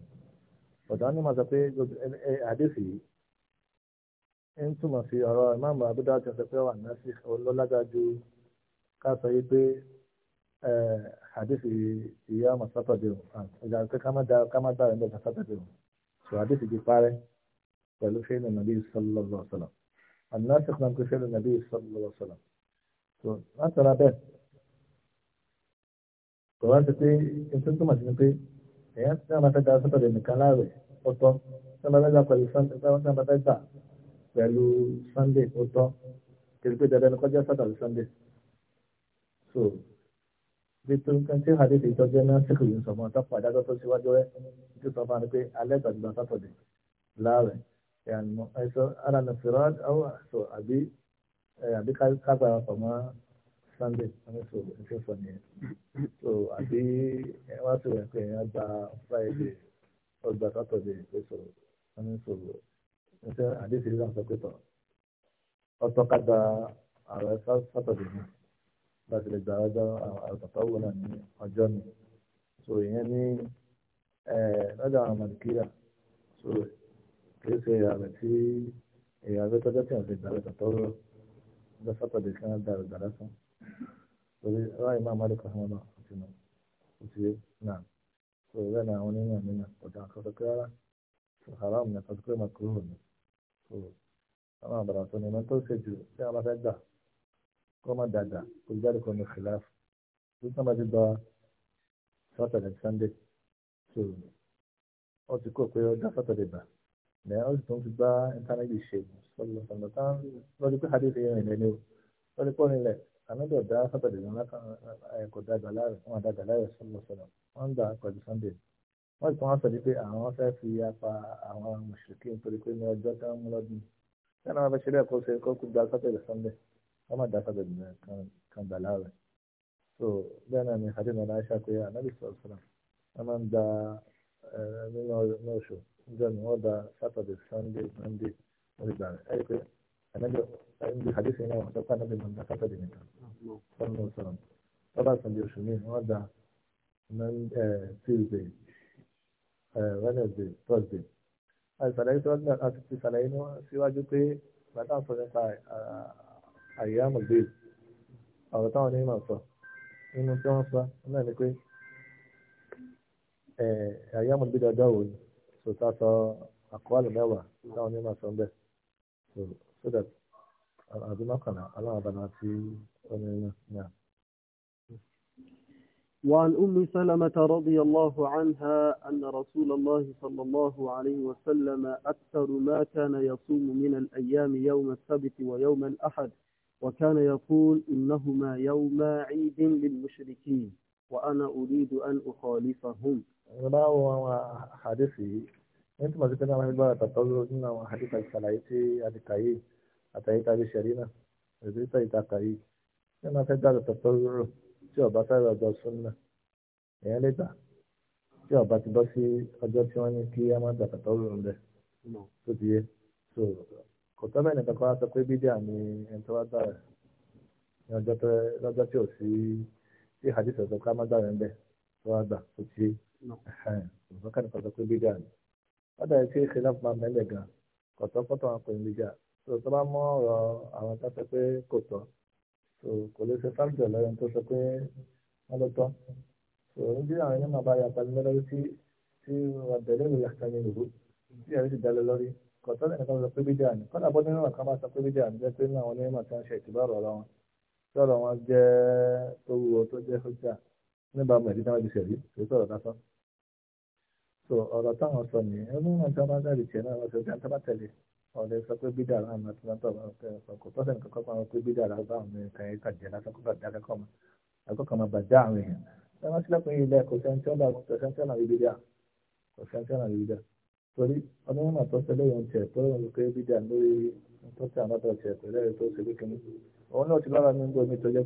ọ̀dọ̀ wọn ni mo sọ pé hadith yìí ń túmọ̀ sí ọ̀rọ̀ ìmáàmù abúdá tí wọ́n sọ pé wà násì olólága ju ká sọ yí pé àdéhì ìyá ọmọ sátọ̀dé o ìjà pé ká má dá rẹ̀ nígbà sátọ̀dé o sọ àdéhì ti parẹ́ pẹ̀lú fẹ́ẹ́ nù nàbí sallallahu sallam ànásì kan pé fẹ́ẹ́ nù nàbí sallallahu sallam so látara bẹ́ẹ̀ kò wá sí pé ètò túmọ̀ sí pé èèyàn tí wọ́n máa fẹ́ da sátọ̀dé nìkan láàrẹ̀ ọ̀tọ̀ tí pẹ̀lú sunday ó tọ́ kìí pé dandan kọjá sátọ̀dẹ̀ sunday so bí tó ń kẹ́ntì hadith ìtọ́jú náà sẹ́kù yìí ń sọ̀mọ́ tọ́pọ̀ àdájọ́ tó síwájú rẹ̀ tí ó sọ fún wa pé alẹ́ tọ̀dùgbà sátọ̀dẹ̀ láàrẹ̀ ẹ̀yàn ẹ̀sọ́ alànà fìrọ́d ọwọ́ àṣọ àbí àbí kápá ọkọ̀ mọ́ sunday ọmọṣọ ẹ̀ṣẹ̀ sọ nìyẹn so àbí wọ́n sọ wẹ̀ pé ẹ̀yàn gba friday ọgbà sátọ̀dẹ̀ ẹ̀ṣẹ̀ sọ ọmọṣọ níṣẹ́ àdéhùn ìlú àti ọ̀pẹ̀tọ̀ ọ̀tọ̀ ká gba ààrẹ sátọ̀dẹ̀ mi bá ti lè gba ọjọ́ àtọ̀tọ̀ wò náà ní ọjọ́ mi so ìyẹn ní lọ́dọ̀ àwọn màdìkíyà so kì í ṣe ààrẹ tí èèyàn rẹ tọ́jọ́ tí wọ́n ti gbàgbé tọ̀tọ̀ rọ ọjọ́ sátọ̀dẹ̀ kí wọ́n dàrú gbàdá fún torí ráì máa mádùkọ̀ fún ọmọ àti mọ̀ òtí náà so ìrẹ́ ni àwọn onímọ̀ mi náà ọ̀dà àkọsọ pé rárá so haram ni àkọsọ pé màkúrò ni so àwọn àbàrà tó ní ọmọ tó ṣe jù tí a bá fẹ́ gbà kó má dàgbà kó jáde kó ní xìláf tó tí wọ́n bá ti gba saturday sunday so ó ti kó pé ó dá saturday gbà ní ó sì tún ti bá íńtánẹ́ẹ̀tì ṣe sọlọ sọlọ tán lọ́dí pé hadith yẹn rìn lẹ́ni o lọ́dí pé ó rìn lẹ̀ àmì ọ̀dá saturday náà kò dàgbà láàrin wọn àdàgbà láàrin sọlọ sọlọ wọn ń gbà pẹ̀lú sunday wọ́n sì tún wọ́n sọ pé àwọn fẹ́ fi apá àwọn mùsùlùmí nítorí pé ní ọjọ́ tí wọ́n mú lọ́dún tí wọ́n fẹ́ ṣe bẹ́ẹ̀ kó ṣe kó kú gba sátẹ̀lẹ̀ sọ́ndẹ̀ wọ́n má dá sátẹ̀lẹ̀ kan gbà láàrẹ̀ so bẹ́ẹ̀ náà ni hadith náà aṣá pé anábì sọ̀rọ̀ sọ̀rọ̀ wọ́n máa ń da nínú oṣù níjọ́ ni wọ́n da sátẹ̀lẹ̀ sọ́ndẹ̀ sọ́ndẹ̀ lórí gbà rẹ̀ ẹ̀ pé anábì hadith náà wọ́n sọ pé anábì máa ń da sátẹ̀lẹ̀ nìkan sọ́ndẹ̀ sọ̀rọ̀ tọ́ba sọ̀ndẹ̀ Tuesday Wednesday Thursday àìsàlàyé tó wọ́n àti ti sàlàyé ní wọ́n síwájú pé bàtà ń sọ nípa àyàmù bíi ọ̀rọ̀ táwọn onímọ̀ sọ nínú tí wọ́n sọ náà ni pé àyàmù bíi dandan wò ni sòtá sọ àkọọ́lù so so that àbí mọ́kànlá aláwọ̀ ti àti وعن أم سلمة رضي الله عنها أن رسول الله صلى الله عليه وسلم أكثر ما كان يصوم من الأيام يوم السبت ويوم الأحد وكان يقول إنهما يوم عيد للمشركين وأنا أريد أن أخالفهم هنا هو حديثي أنت ما ذكرنا من بعد تتوزر إن حديث السلايتي كاي أتكاي تابي شرينا أتكاي تابي أنا في هذا tí ọba sáré ọjọ́ súnmọ́ èèyàn lè gbà tí ọba ti bọ́ sí ọjọ́ tí wọ́n ní kí á má dàgbà tó rùn bẹ́ẹ̀ tó ti yé so kò tọ́ bẹ́ẹ̀ nìkan kọ́ wá sọ pé bídíà ni ẹni tó wá gbà rẹ̀ ní ọjọ́ tí ò sí tí hadith ọ̀sẹ̀ ká má gbà rẹ̀ ń bẹ́ẹ̀ tó wá gbà tó ti yé nǹkan kan sọ pé bídíà ni wọ́n dàbí tí ìṣẹ̀lẹ̀ so tó bá mọ́ ọ̀rọ̀ àwọn so kò lè ṣe fáńtì ọ̀lẹ́yìn tó sọ pé wọ́n ló tọ́ so níbi àwọn ẹni máa bá ya panilẹ́lọ́rí tí tí wọ́n tẹ̀lé ìwé àtàní ìlú tí ẹ̀rí ti dalẹ̀ lórí kọ̀tọ́ lẹ́yìn kan sọ pé bíjà ni kọ́lá bọ́ nínú ọ̀kan bá sọ pé bíjà ni jẹ́ pé ní àwọn onímọ̀ tí wọ́n ṣe ìtìbọ̀rọ̀ ọ̀rọ̀ wọn sọ̀rọ̀ wọn jẹ́ tó wúwo tó jẹ́ fújà nígbà mẹ́rin náà ti ṣẹ̀rí kì í sọ̀rọ̀ lásán so ọ̀rọ̀ táwọn sọ nìyẹn ẹni náà tí wọ́n ọ̀lẹ́ sọ pé bídà àwọn ọmọ tí wọ́n tọ̀ wọ́n fẹ́ sọ kò tọ́sẹ̀ nǹkan kọ́kọ́ wọn pé bídà àwọn bá àwọn ẹ̀ka ẹ̀ka jẹ́ lásàkókò dákẹ́kọ̀ọ́ mọ́ àkọ́kọ́ máa bàjẹ́ àwọn èèyàn táwọn sílẹ̀kùn yìí lẹ́ kò sẹ́ńtẹ́ọ̀nà kò sẹ́ńtẹ́ọ̀nà bídà kò sẹ́ńtẹ́ọ̀nà bídà torí ọdún mọ́mọ́ tó ṣẹlẹ̀ yẹn tiẹ̀ tó lọ́wọ́ pé bídà lórí tó tẹ̀ àwọn tó tiẹ̀ pẹ̀lẹ́ tó ṣe pé kínní òun náà ti lára mi ń gbọ́ mi tó jẹ́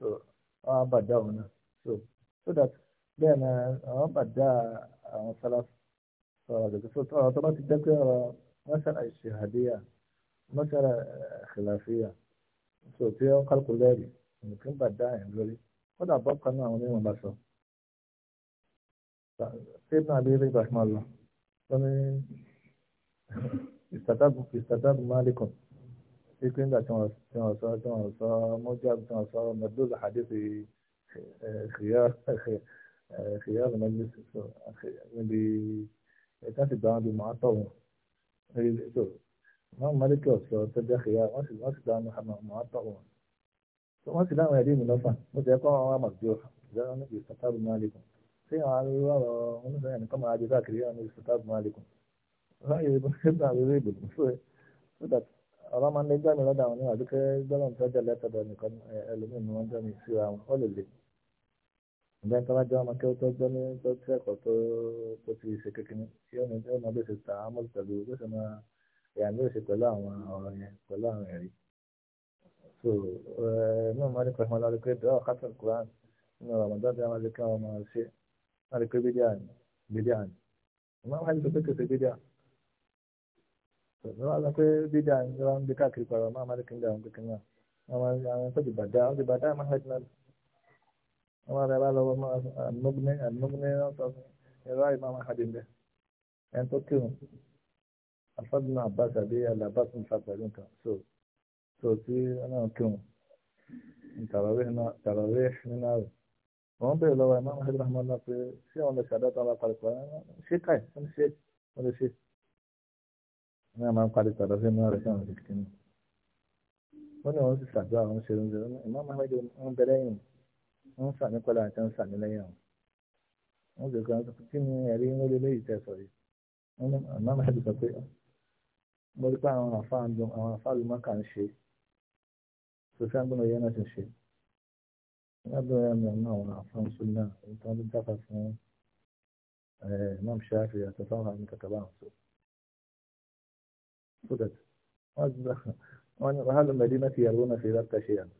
so wọ́n á bàjẹ́ so so that بين آه، بعد ثلاث صلاة صلاة الذكر مسألة اجتهادية مسألة آه، خلافية صوتية وقلق الليلي ممكن بعد دائم يعني، لولي خد عباد قناة ونيمة بس سيدنا أبي ريب رحمه الله فمن استتاب استتاب مالكم يكون عندك تنصى تنصى تنصى موجب تنصى مدود حديثي خيار خيار خيار مجلس لتنفذ عنده معطوه ما مالك لو تبدأ خيار ما سيدان ما سيدان معطوه ما سيدان يدين من نفسه ما سيكون مرجوح ذلك يستطاب مالكم سيء على الله ونسى يعني كما عاد ذاكر يعني يستطاب مالكم هاي *laughs* يبقى على ريب المسوي ما أرام أن يدعم لدعم أنا ذكر دلهم تجلى تدعني من علمين وانجاني سيرام قول اللي ǹjẹ́ tó bá jẹ́ ọmọ kí ó tó gbọ́ ní tó tí ẹ̀kọ́ tó tó ti ṣe kékeré tí ó ní tí ó mọ bí ó ṣe ta ámọ́ tàbí bó ṣe máa ẹ̀yà ló ṣe pẹ̀lú àwọn ọ̀rọ̀ yẹn pẹ̀lú àwọn ẹ̀rí. so ní ọmọ ní pẹ̀lú ọlọ́rí pé dọ́ọ̀ kátàl kuran ní ọ̀rọ̀ ọmọdé bí wọ́n lè kí wọ́n máa ṣe wọ́n lè pé bídíà ni bídíà ni ìmọ̀ wọn lè pé kèsè bídíà ní wọ́n lọ pé bídíà ni wọ́n ń gbé káàkiri pàrọ̀ máa máa lè kí ń dà wọ́n kékeré náà wọ́n máa ń tọ́jú bàdá wọ́n ti bàdá máa ń wọ́n rẹ̀ bá lọ́wọ́ mọ́ ànúgbìn ànúgbìn náà sọ fún ẹ̀rọ àyè máa hàdì ń bẹ̀ ẹ̀ ń tó kírun àfọ́dún náà bá tàbí àlàbá tó ń fa pẹ̀lú nǹkan so so tí náà kírun tàràwé nínú àwẹ̀ wọ́n bẹ̀rẹ̀ lọ́wọ́ ẹ̀ máa hàdì máa náà pé ṣé àwọn lè ṣàdá tó ń bá parí pọ̀ ṣé káì wọ́n ṣe wọ́n lè ṣe ní àwọn máa ń parí tàràwé nínú àwẹ̀ sáwọn ìdíkì wọ́n ní wọ́n sì ṣàdúrà wọ́n sàmì kọ́lá àti wọ́n sàmì lẹ́yìn àwọn wọ́n sì kọ́ kí ni ẹ̀rí ń wọlé lẹ́yìn tẹ́ sọ̀rọ̀ yìí wọ́n ní àmọ́ máa dùn pé mo rí pé àwọn àfáà ń dun àwọn àfáà lùmọ́ kà ń ṣe sọ́sẹ́ àgbọ̀nà yẹn náà ti ṣe lábẹ́rẹ́ àmì àmọ́ àwọn àfáà ń sún náà èyí tó ń bí dáfà fún imam shafi àti fáwọn àmì kàkàbà àwọn tó so that wọ́n ní wàhálà mẹ́rin náà ti yàrá wọn náà fi rákà ṣe yàrá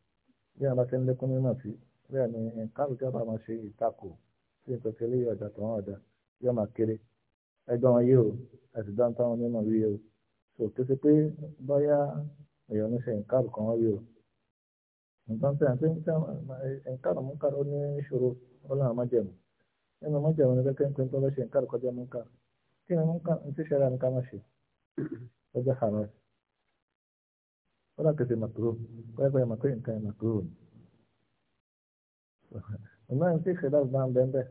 bí a bá ti ń lékún mímọ̀ sí bẹ́ẹ̀ ni nǹkan àwùjọ bá máa ṣe ìtakò sí nǹkan tí eléyìí ọ̀dà tó wọ́n ọ̀dà yóò máa kéré ẹgbẹ́ wọn yé o àti dáńtá wọn mímọ̀ rí o so kí ṣe pé bóyá èèyàn ní ṣe nǹkan àbùkàn wọn rí o nǹkan tí a ti ń tẹ́ nǹkan àmúkàrọ̀ ó ní ìṣòro ó láwọn nínú májẹ̀mú ni kẹ́kẹ́ ń pín tó fẹ́ ṣe nǹkan àkọjá múkà kí ni múkà ń tíṣẹ́ rẹ̀ nǹkan máa ṣe ó jẹ́ haram wọ́n dà kẹsẹ̀ màkúrò wọ́n yẹ màkúrò nǹkan yẹn màkúrò ni. ọ̀nà yẹn ti ṣẹlẹ̀ bá ń bẹ́ẹ̀ bẹ́ẹ̀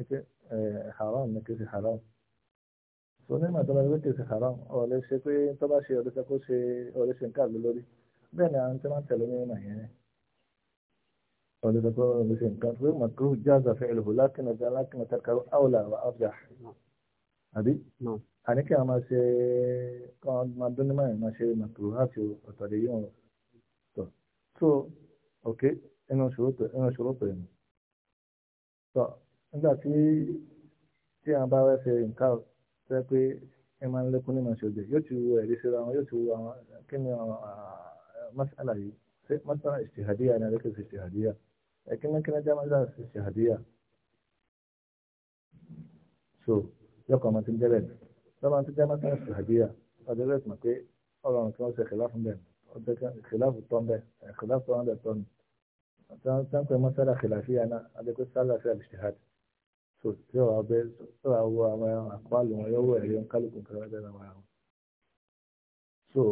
ẹ kẹ ẹ haram ni kẹsẹ̀ haram so ní màtọ́ lọ́wọ́ kẹsẹ̀ haram ọ̀lẹ́ ṣe pé tó bá ṣe ọ̀lẹ́ ṣe kó ṣe ọ̀lẹ́ ṣe nǹkan lórí bẹ́ẹ̀ ni àwọn tí wọ́n tẹ̀lé ní ìmọ̀ yẹn ọ̀lẹ́ ṣe kó ṣe nǹkan pé màkúrò jáza fẹ́ àbí àní kí àwọn máa ṣe kí wọ́n máa dún ní márùn-ún máa ṣe màkúrò láti ọ̀tọ̀dé yóò tọ̀ so ok ẹnu ṣòro pẹ̀ ẹnu ṣòro pẹ̀ ẹ̀mí tọ̀ nígbà tí tí àwọn bá wẹ́ ṣe nǹkan ṣe pé ẹ máa ń lékún ní màá ṣe òjò yóò ti wo ẹ̀rí síra wọn yóò ti so yọkọ̀ ọmọ tí ń jẹ́rẹ̀ lọ́ba tí jẹ́ mọ́tò nàìjíríà ọjọ́ rẹ̀ mọ̀ pé ọ̀rọ̀ ọ̀run kí wọ́n ṣe kìláàfù bẹ́ẹ̀ ọjọ́ kìláàfù tán bẹ́ẹ̀ eh, kìláàfù tán bẹ́ẹ̀ tán sáńpẹ̀ mọ́ sálà kìláàfíà náà adékọ́ sálà sí àbìṣehad so tí ọ̀rọ̀ ọbẹ̀ sọ̀rọ̀ àwọ àwọn àpáàlù wọn yọ̀wọ̀ ẹ̀rí ń kálukú nǹkan bẹ́ẹ̀ so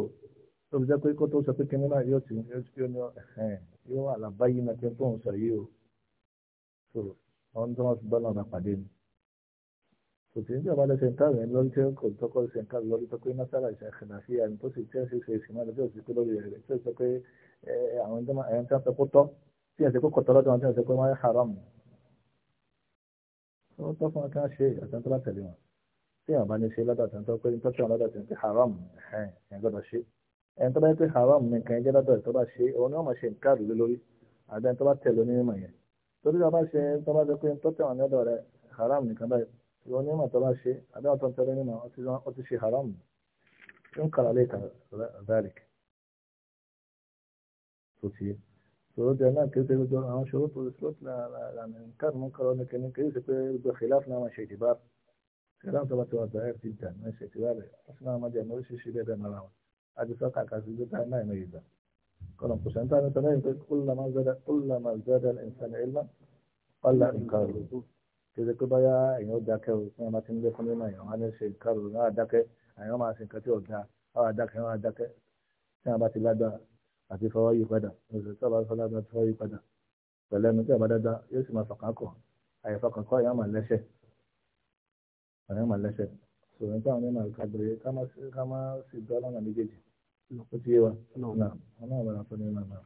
tó fi jẹ́ pé kó tó sọ pé kíní náà yóò ti yóò ní ẹ̀hẹ́n yóò wà so ọ̀n tó wọn fi bọ́ òtún tí ọba lẹsẹ nǹkan rẹ lórí tí kò tọkọ ṣe nǹkan rẹ lórí tọpẹ nasara ìṣe àkànàfíà ni tó sì tí wọn ṣe ṣe ìṣìmọ ẹni tí wọn sì pé lórí rẹ tí wọn sọ pé àwọn ẹni tí wọn sọ pé tọ tí wọn sọ pé kọtọ lọ́dọ̀ wọn tí wọn sọ pé wọn haram tó tọ́ fún wọn kí wọn ṣe àtúntò bá tẹ̀lé wọn tí wọn bá ní ṣe lọ́dọ̀ àtúntò pé tọ́tí wọn lọ́dọ̀ àtúntò haram ẹ̀ gbọ́dọ̀ ṣe ẹni tó bá yẹ pé haram nìkan jẹ́ lọ́dọ̀ tó bá ṣe òun ni wọ́n máa ṣe nǹkan rẹ̀ lórí àbẹ́ tó bá tẹ̀lé onímọ̀ yẹn torí tó bá ṣe tó bá sọ pé tọ́tí wọn lọ́dọ̀ rẹ̀ haram nìkan báyìí يقول نعمة ترى شيء أداة ترى نعمة قلت شيء حرام ينكر عليك ذلك صوتي شروط يعني كيف يقول أنا شروط والشروط لا لا لا إنكار منكر ولكن كيف يقول خلاف لا ماشي اعتبار خلاف تبع تبع ضعيف جدا ماشي اعتبار أصلا ما جاء مش شيء بيدا ملاوي هذا ساقع كاسد ما يميزه كلام قش أنت أنا تنين كل ما زاد كل ما زاد الإنسان علما قل إنكاره kéde pé báyà èèyàn ó dákẹ́ o tí wọ́n bá ti ń lé fún mímọ́ èèyàn á ní ṣe ìkárò náà dákẹ́ àyàn máa ṣe nǹkan tí ọ̀gá àwọn adákẹ́ wọn adákẹ́ tí wọ́n bá ti lágbára àti fọwọ́ yí padà oṣù tí wọ́n bá fọwọ́ lágbára ti fọwọ́ yí padà pẹ̀lú ẹnu tí wọ́n bá dáadáa yóò sì máa fọkànkọ̀ àyẹ̀fọkànkọ̀ èèyàn máa lẹ́sẹ̀ èèyàn máa lẹ́sẹ̀ sọ̀rọ̀ nípa àwọn èèyàn kàgbèrè ká má sì dọ́ lọ́nà méjèèjì ó ti yé wa náà wọn náà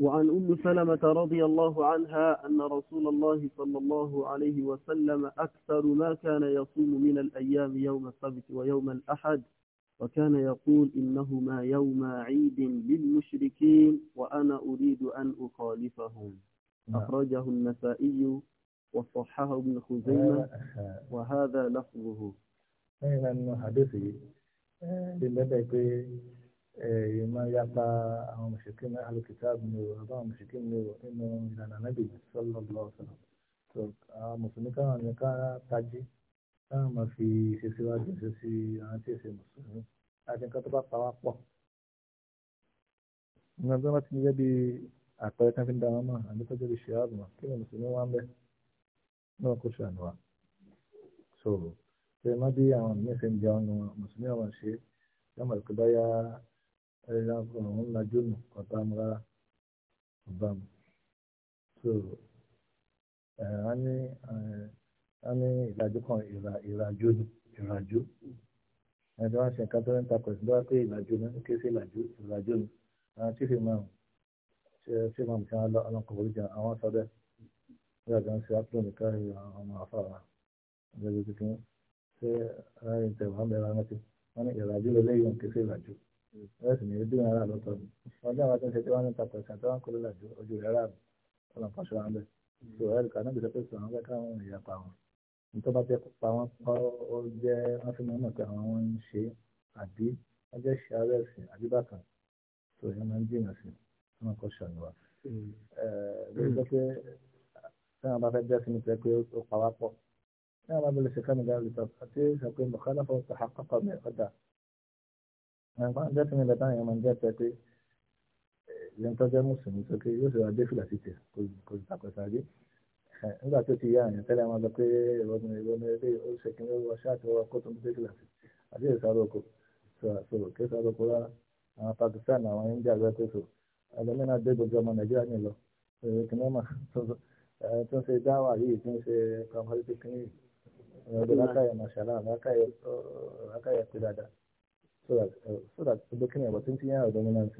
وعن أم سلمة رضي الله عنها أن رسول الله صلى الله عليه وسلم أكثر ما كان يصوم من الأيام يوم السبت ويوم الأحد وكان يقول إنهما يوم عيد للمشركين وأنا أريد أن أخالفهم نعم. أخرجه النسائي وصححه ابن خزيمة وهذا لفظه. إذا حديثي بالنسبة آه، ìmọ̀ yapa àwọn mùsùlùmí ní alùkìtàbù ní o àbá àwọn mùsùlùmí ní o nínú ìlànà anábì sallallahu alaihi wasallam àwọn mùsùlùmí káwọn ní ká tají káwọn máa fi ṣe síwájú ṣe sí àwọn tí èsè mùsùlùmí àti nǹkan tó bá pa wá pọ̀. ìmọ̀ bí wọ́n ti ń jẹ́ bí àpẹẹrẹ kan fi ń da wọn mọ̀ àbí tó jẹ́ bí ṣe àbùmọ̀ kí ni mùsùlùmí wá wa. so ṣe ah, má ẹ̀rí lápò àwọn lajú nù kọ̀tà mu rárá ọba mu so ẹ̀ á ní á ní ìdájú kan ìrà ìràjú ìràjú ẹni tí wọ́n ṣe nǹkan tó ń takọ̀ sí lọ́wọ́ pé ìlàjú ní kí sí ìlàjú ìlàjú ni àwọn tí fi máa ṣe ṣe máa ṣe lọ ọlọ́kọ̀ orí jà àwọn sọ bẹ́ẹ̀ bí ọ̀gá ń ṣe ápùlù nìkan rí ọmọ àfàwà ọ̀gá ti fi ṣe ẹ̀rọ ìtẹ̀wọ̀n bẹ̀rẹ̀ rántí wọ́n ní ìlàjú lọ lẹ́yìn kí sí ìlàjú ẹ̀sìn ní dúró náírà lọ́tọ̀ ni wọ́n jẹ́ àwọn tó ń ṣe tí wọ́n ń ta pẹ̀sẹ̀ tó ń kó lọ́la ju ojú rẹ̀ rà ọ̀nà kan ṣọ́ra ń bẹ̀. so ẹ̀rì kan náà gbèsè pé sọ̀rọ̀ wọn fẹ́ káwọn èèyàn pa wọn nítorí bá fẹ́ pa wọn kọ́ ó jẹ́ wọ́n fi mọ̀ pé àwọn ń ṣe àbí wọ́n jẹ́ ṣe ara ẹ̀sìn àbí bákan so ìyẹn máa ń jìnà sí wọn kọ́ ṣọ̀nù wa. lórí pé tí wọn bá fẹ́ bẹ́ẹ̀ sí ni pé ó pa wá pọ̀ tí wọn bá bẹ̀rẹ̀ ṣe kámi dáa lè sọ àti sọ pé mọ̀kálá fọwọ́ ẹ̀fọn jẹ́ kí ni bẹ̀tà yẹn máa ń jẹ́ pẹ́ pé ìyẹn eh, tó jẹ́ mùsùlùmí sókè yóò sì wá dé fìlà títì kò sì tàkọ̀sà rí eh, nígbà tó ti yá àyàn tẹ́lẹ̀ máa lọ pé ìrọ̀nà ìrọ̀nà ilé ó ṣe kí wọ́n ṣáàtì wọ́n kó tó ń dé fìlà títì àti ìsàrò oko sọ̀rọ̀ kí ìsàrò oko rárá àwọn Pakistan àwọn India lọ pé so ẹlẹ́mìnà dé gbogbo ọmọ Nàìjíríà ní lọ kìnnìmọ̀ tó ń ṣe dáwà yìí tó ń ṣe kọ̀ọ̀kan so that uh, so that looking at what's in your dominance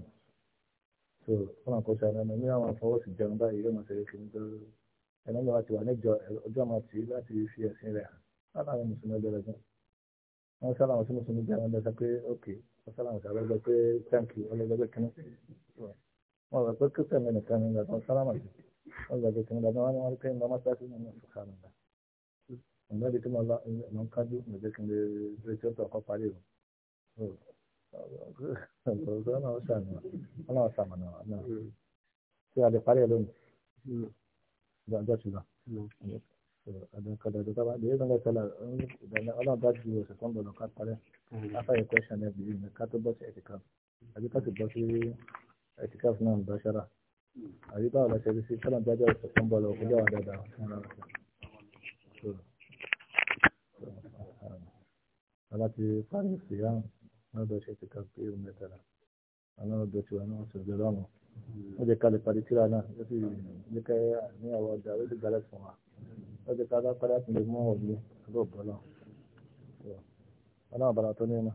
so wọn àkọ́ sí ara ní àwọn afọwọ́sí jẹun báyìí yóò máa ṣe kí n tó ẹni lọ́wọ́ àti wà níjọ ọjọ́ máa tì í láti fi ẹ̀sìn rẹ̀ hàn láwọn mùsùlùmí ọjọ́ rẹ̀ gan wọn sábà wọn sí mùsùlùmí jẹun ọjọ́ sọ pé ok wọn sábà wọn sábà gbọ́ pé táǹkì ọlọ́jọ́ pé kínní wọn rẹ̀ pé kírísítẹ̀n mi nìkan ní ìgbà tó ń sábà mà sí wọn gbà pé kínní gbàgbọ́n wọn pé ìmọ̀ mọ́sáàsì ní ìmọ̀ sùkà nìgbà ọlọ́run ṣàmọ̀nà náà tí a lè parí ẹ̀ lónìí ọjọ́ ṣùgbọ́n ọdún kan ọdún kan báyìí ọdún kan ọdún ọlọ́run bá ju oṣù kan gbọdọ̀ ká parí after your question ẹ̀ bìí ní ká tó bọ́ sí ẹ̀tìkà àbí ká sì bọ́ sí ẹ̀tìkà fún náà bá ṣára àbí báwo la ṣe rí sí kọ́lọ́n jájọ́ oṣù kan gbọdọ̀ ọjọ́ àwọn dáadáa fún ara rẹ̀. ọlá ti parí ìsìyá hàn lọ́dọ̀ ṣe ti kà pé omi ẹ̀tàlá àwọn ọ̀dọ̀ tiwa náà sọ̀rọ̀ lọ́dọ̀ àwọn wọ́n jẹ́ ká lè parí tíra náà ó sì ní ká ní àwọn ọ̀dà ó sì gbálẹ̀ fún wa wọ́n jẹ́ ká bá padà tún lè mú ọ̀gbìn àbọ̀ bọ́lá ọlọ́run bàrà tó ní ẹ̀nà.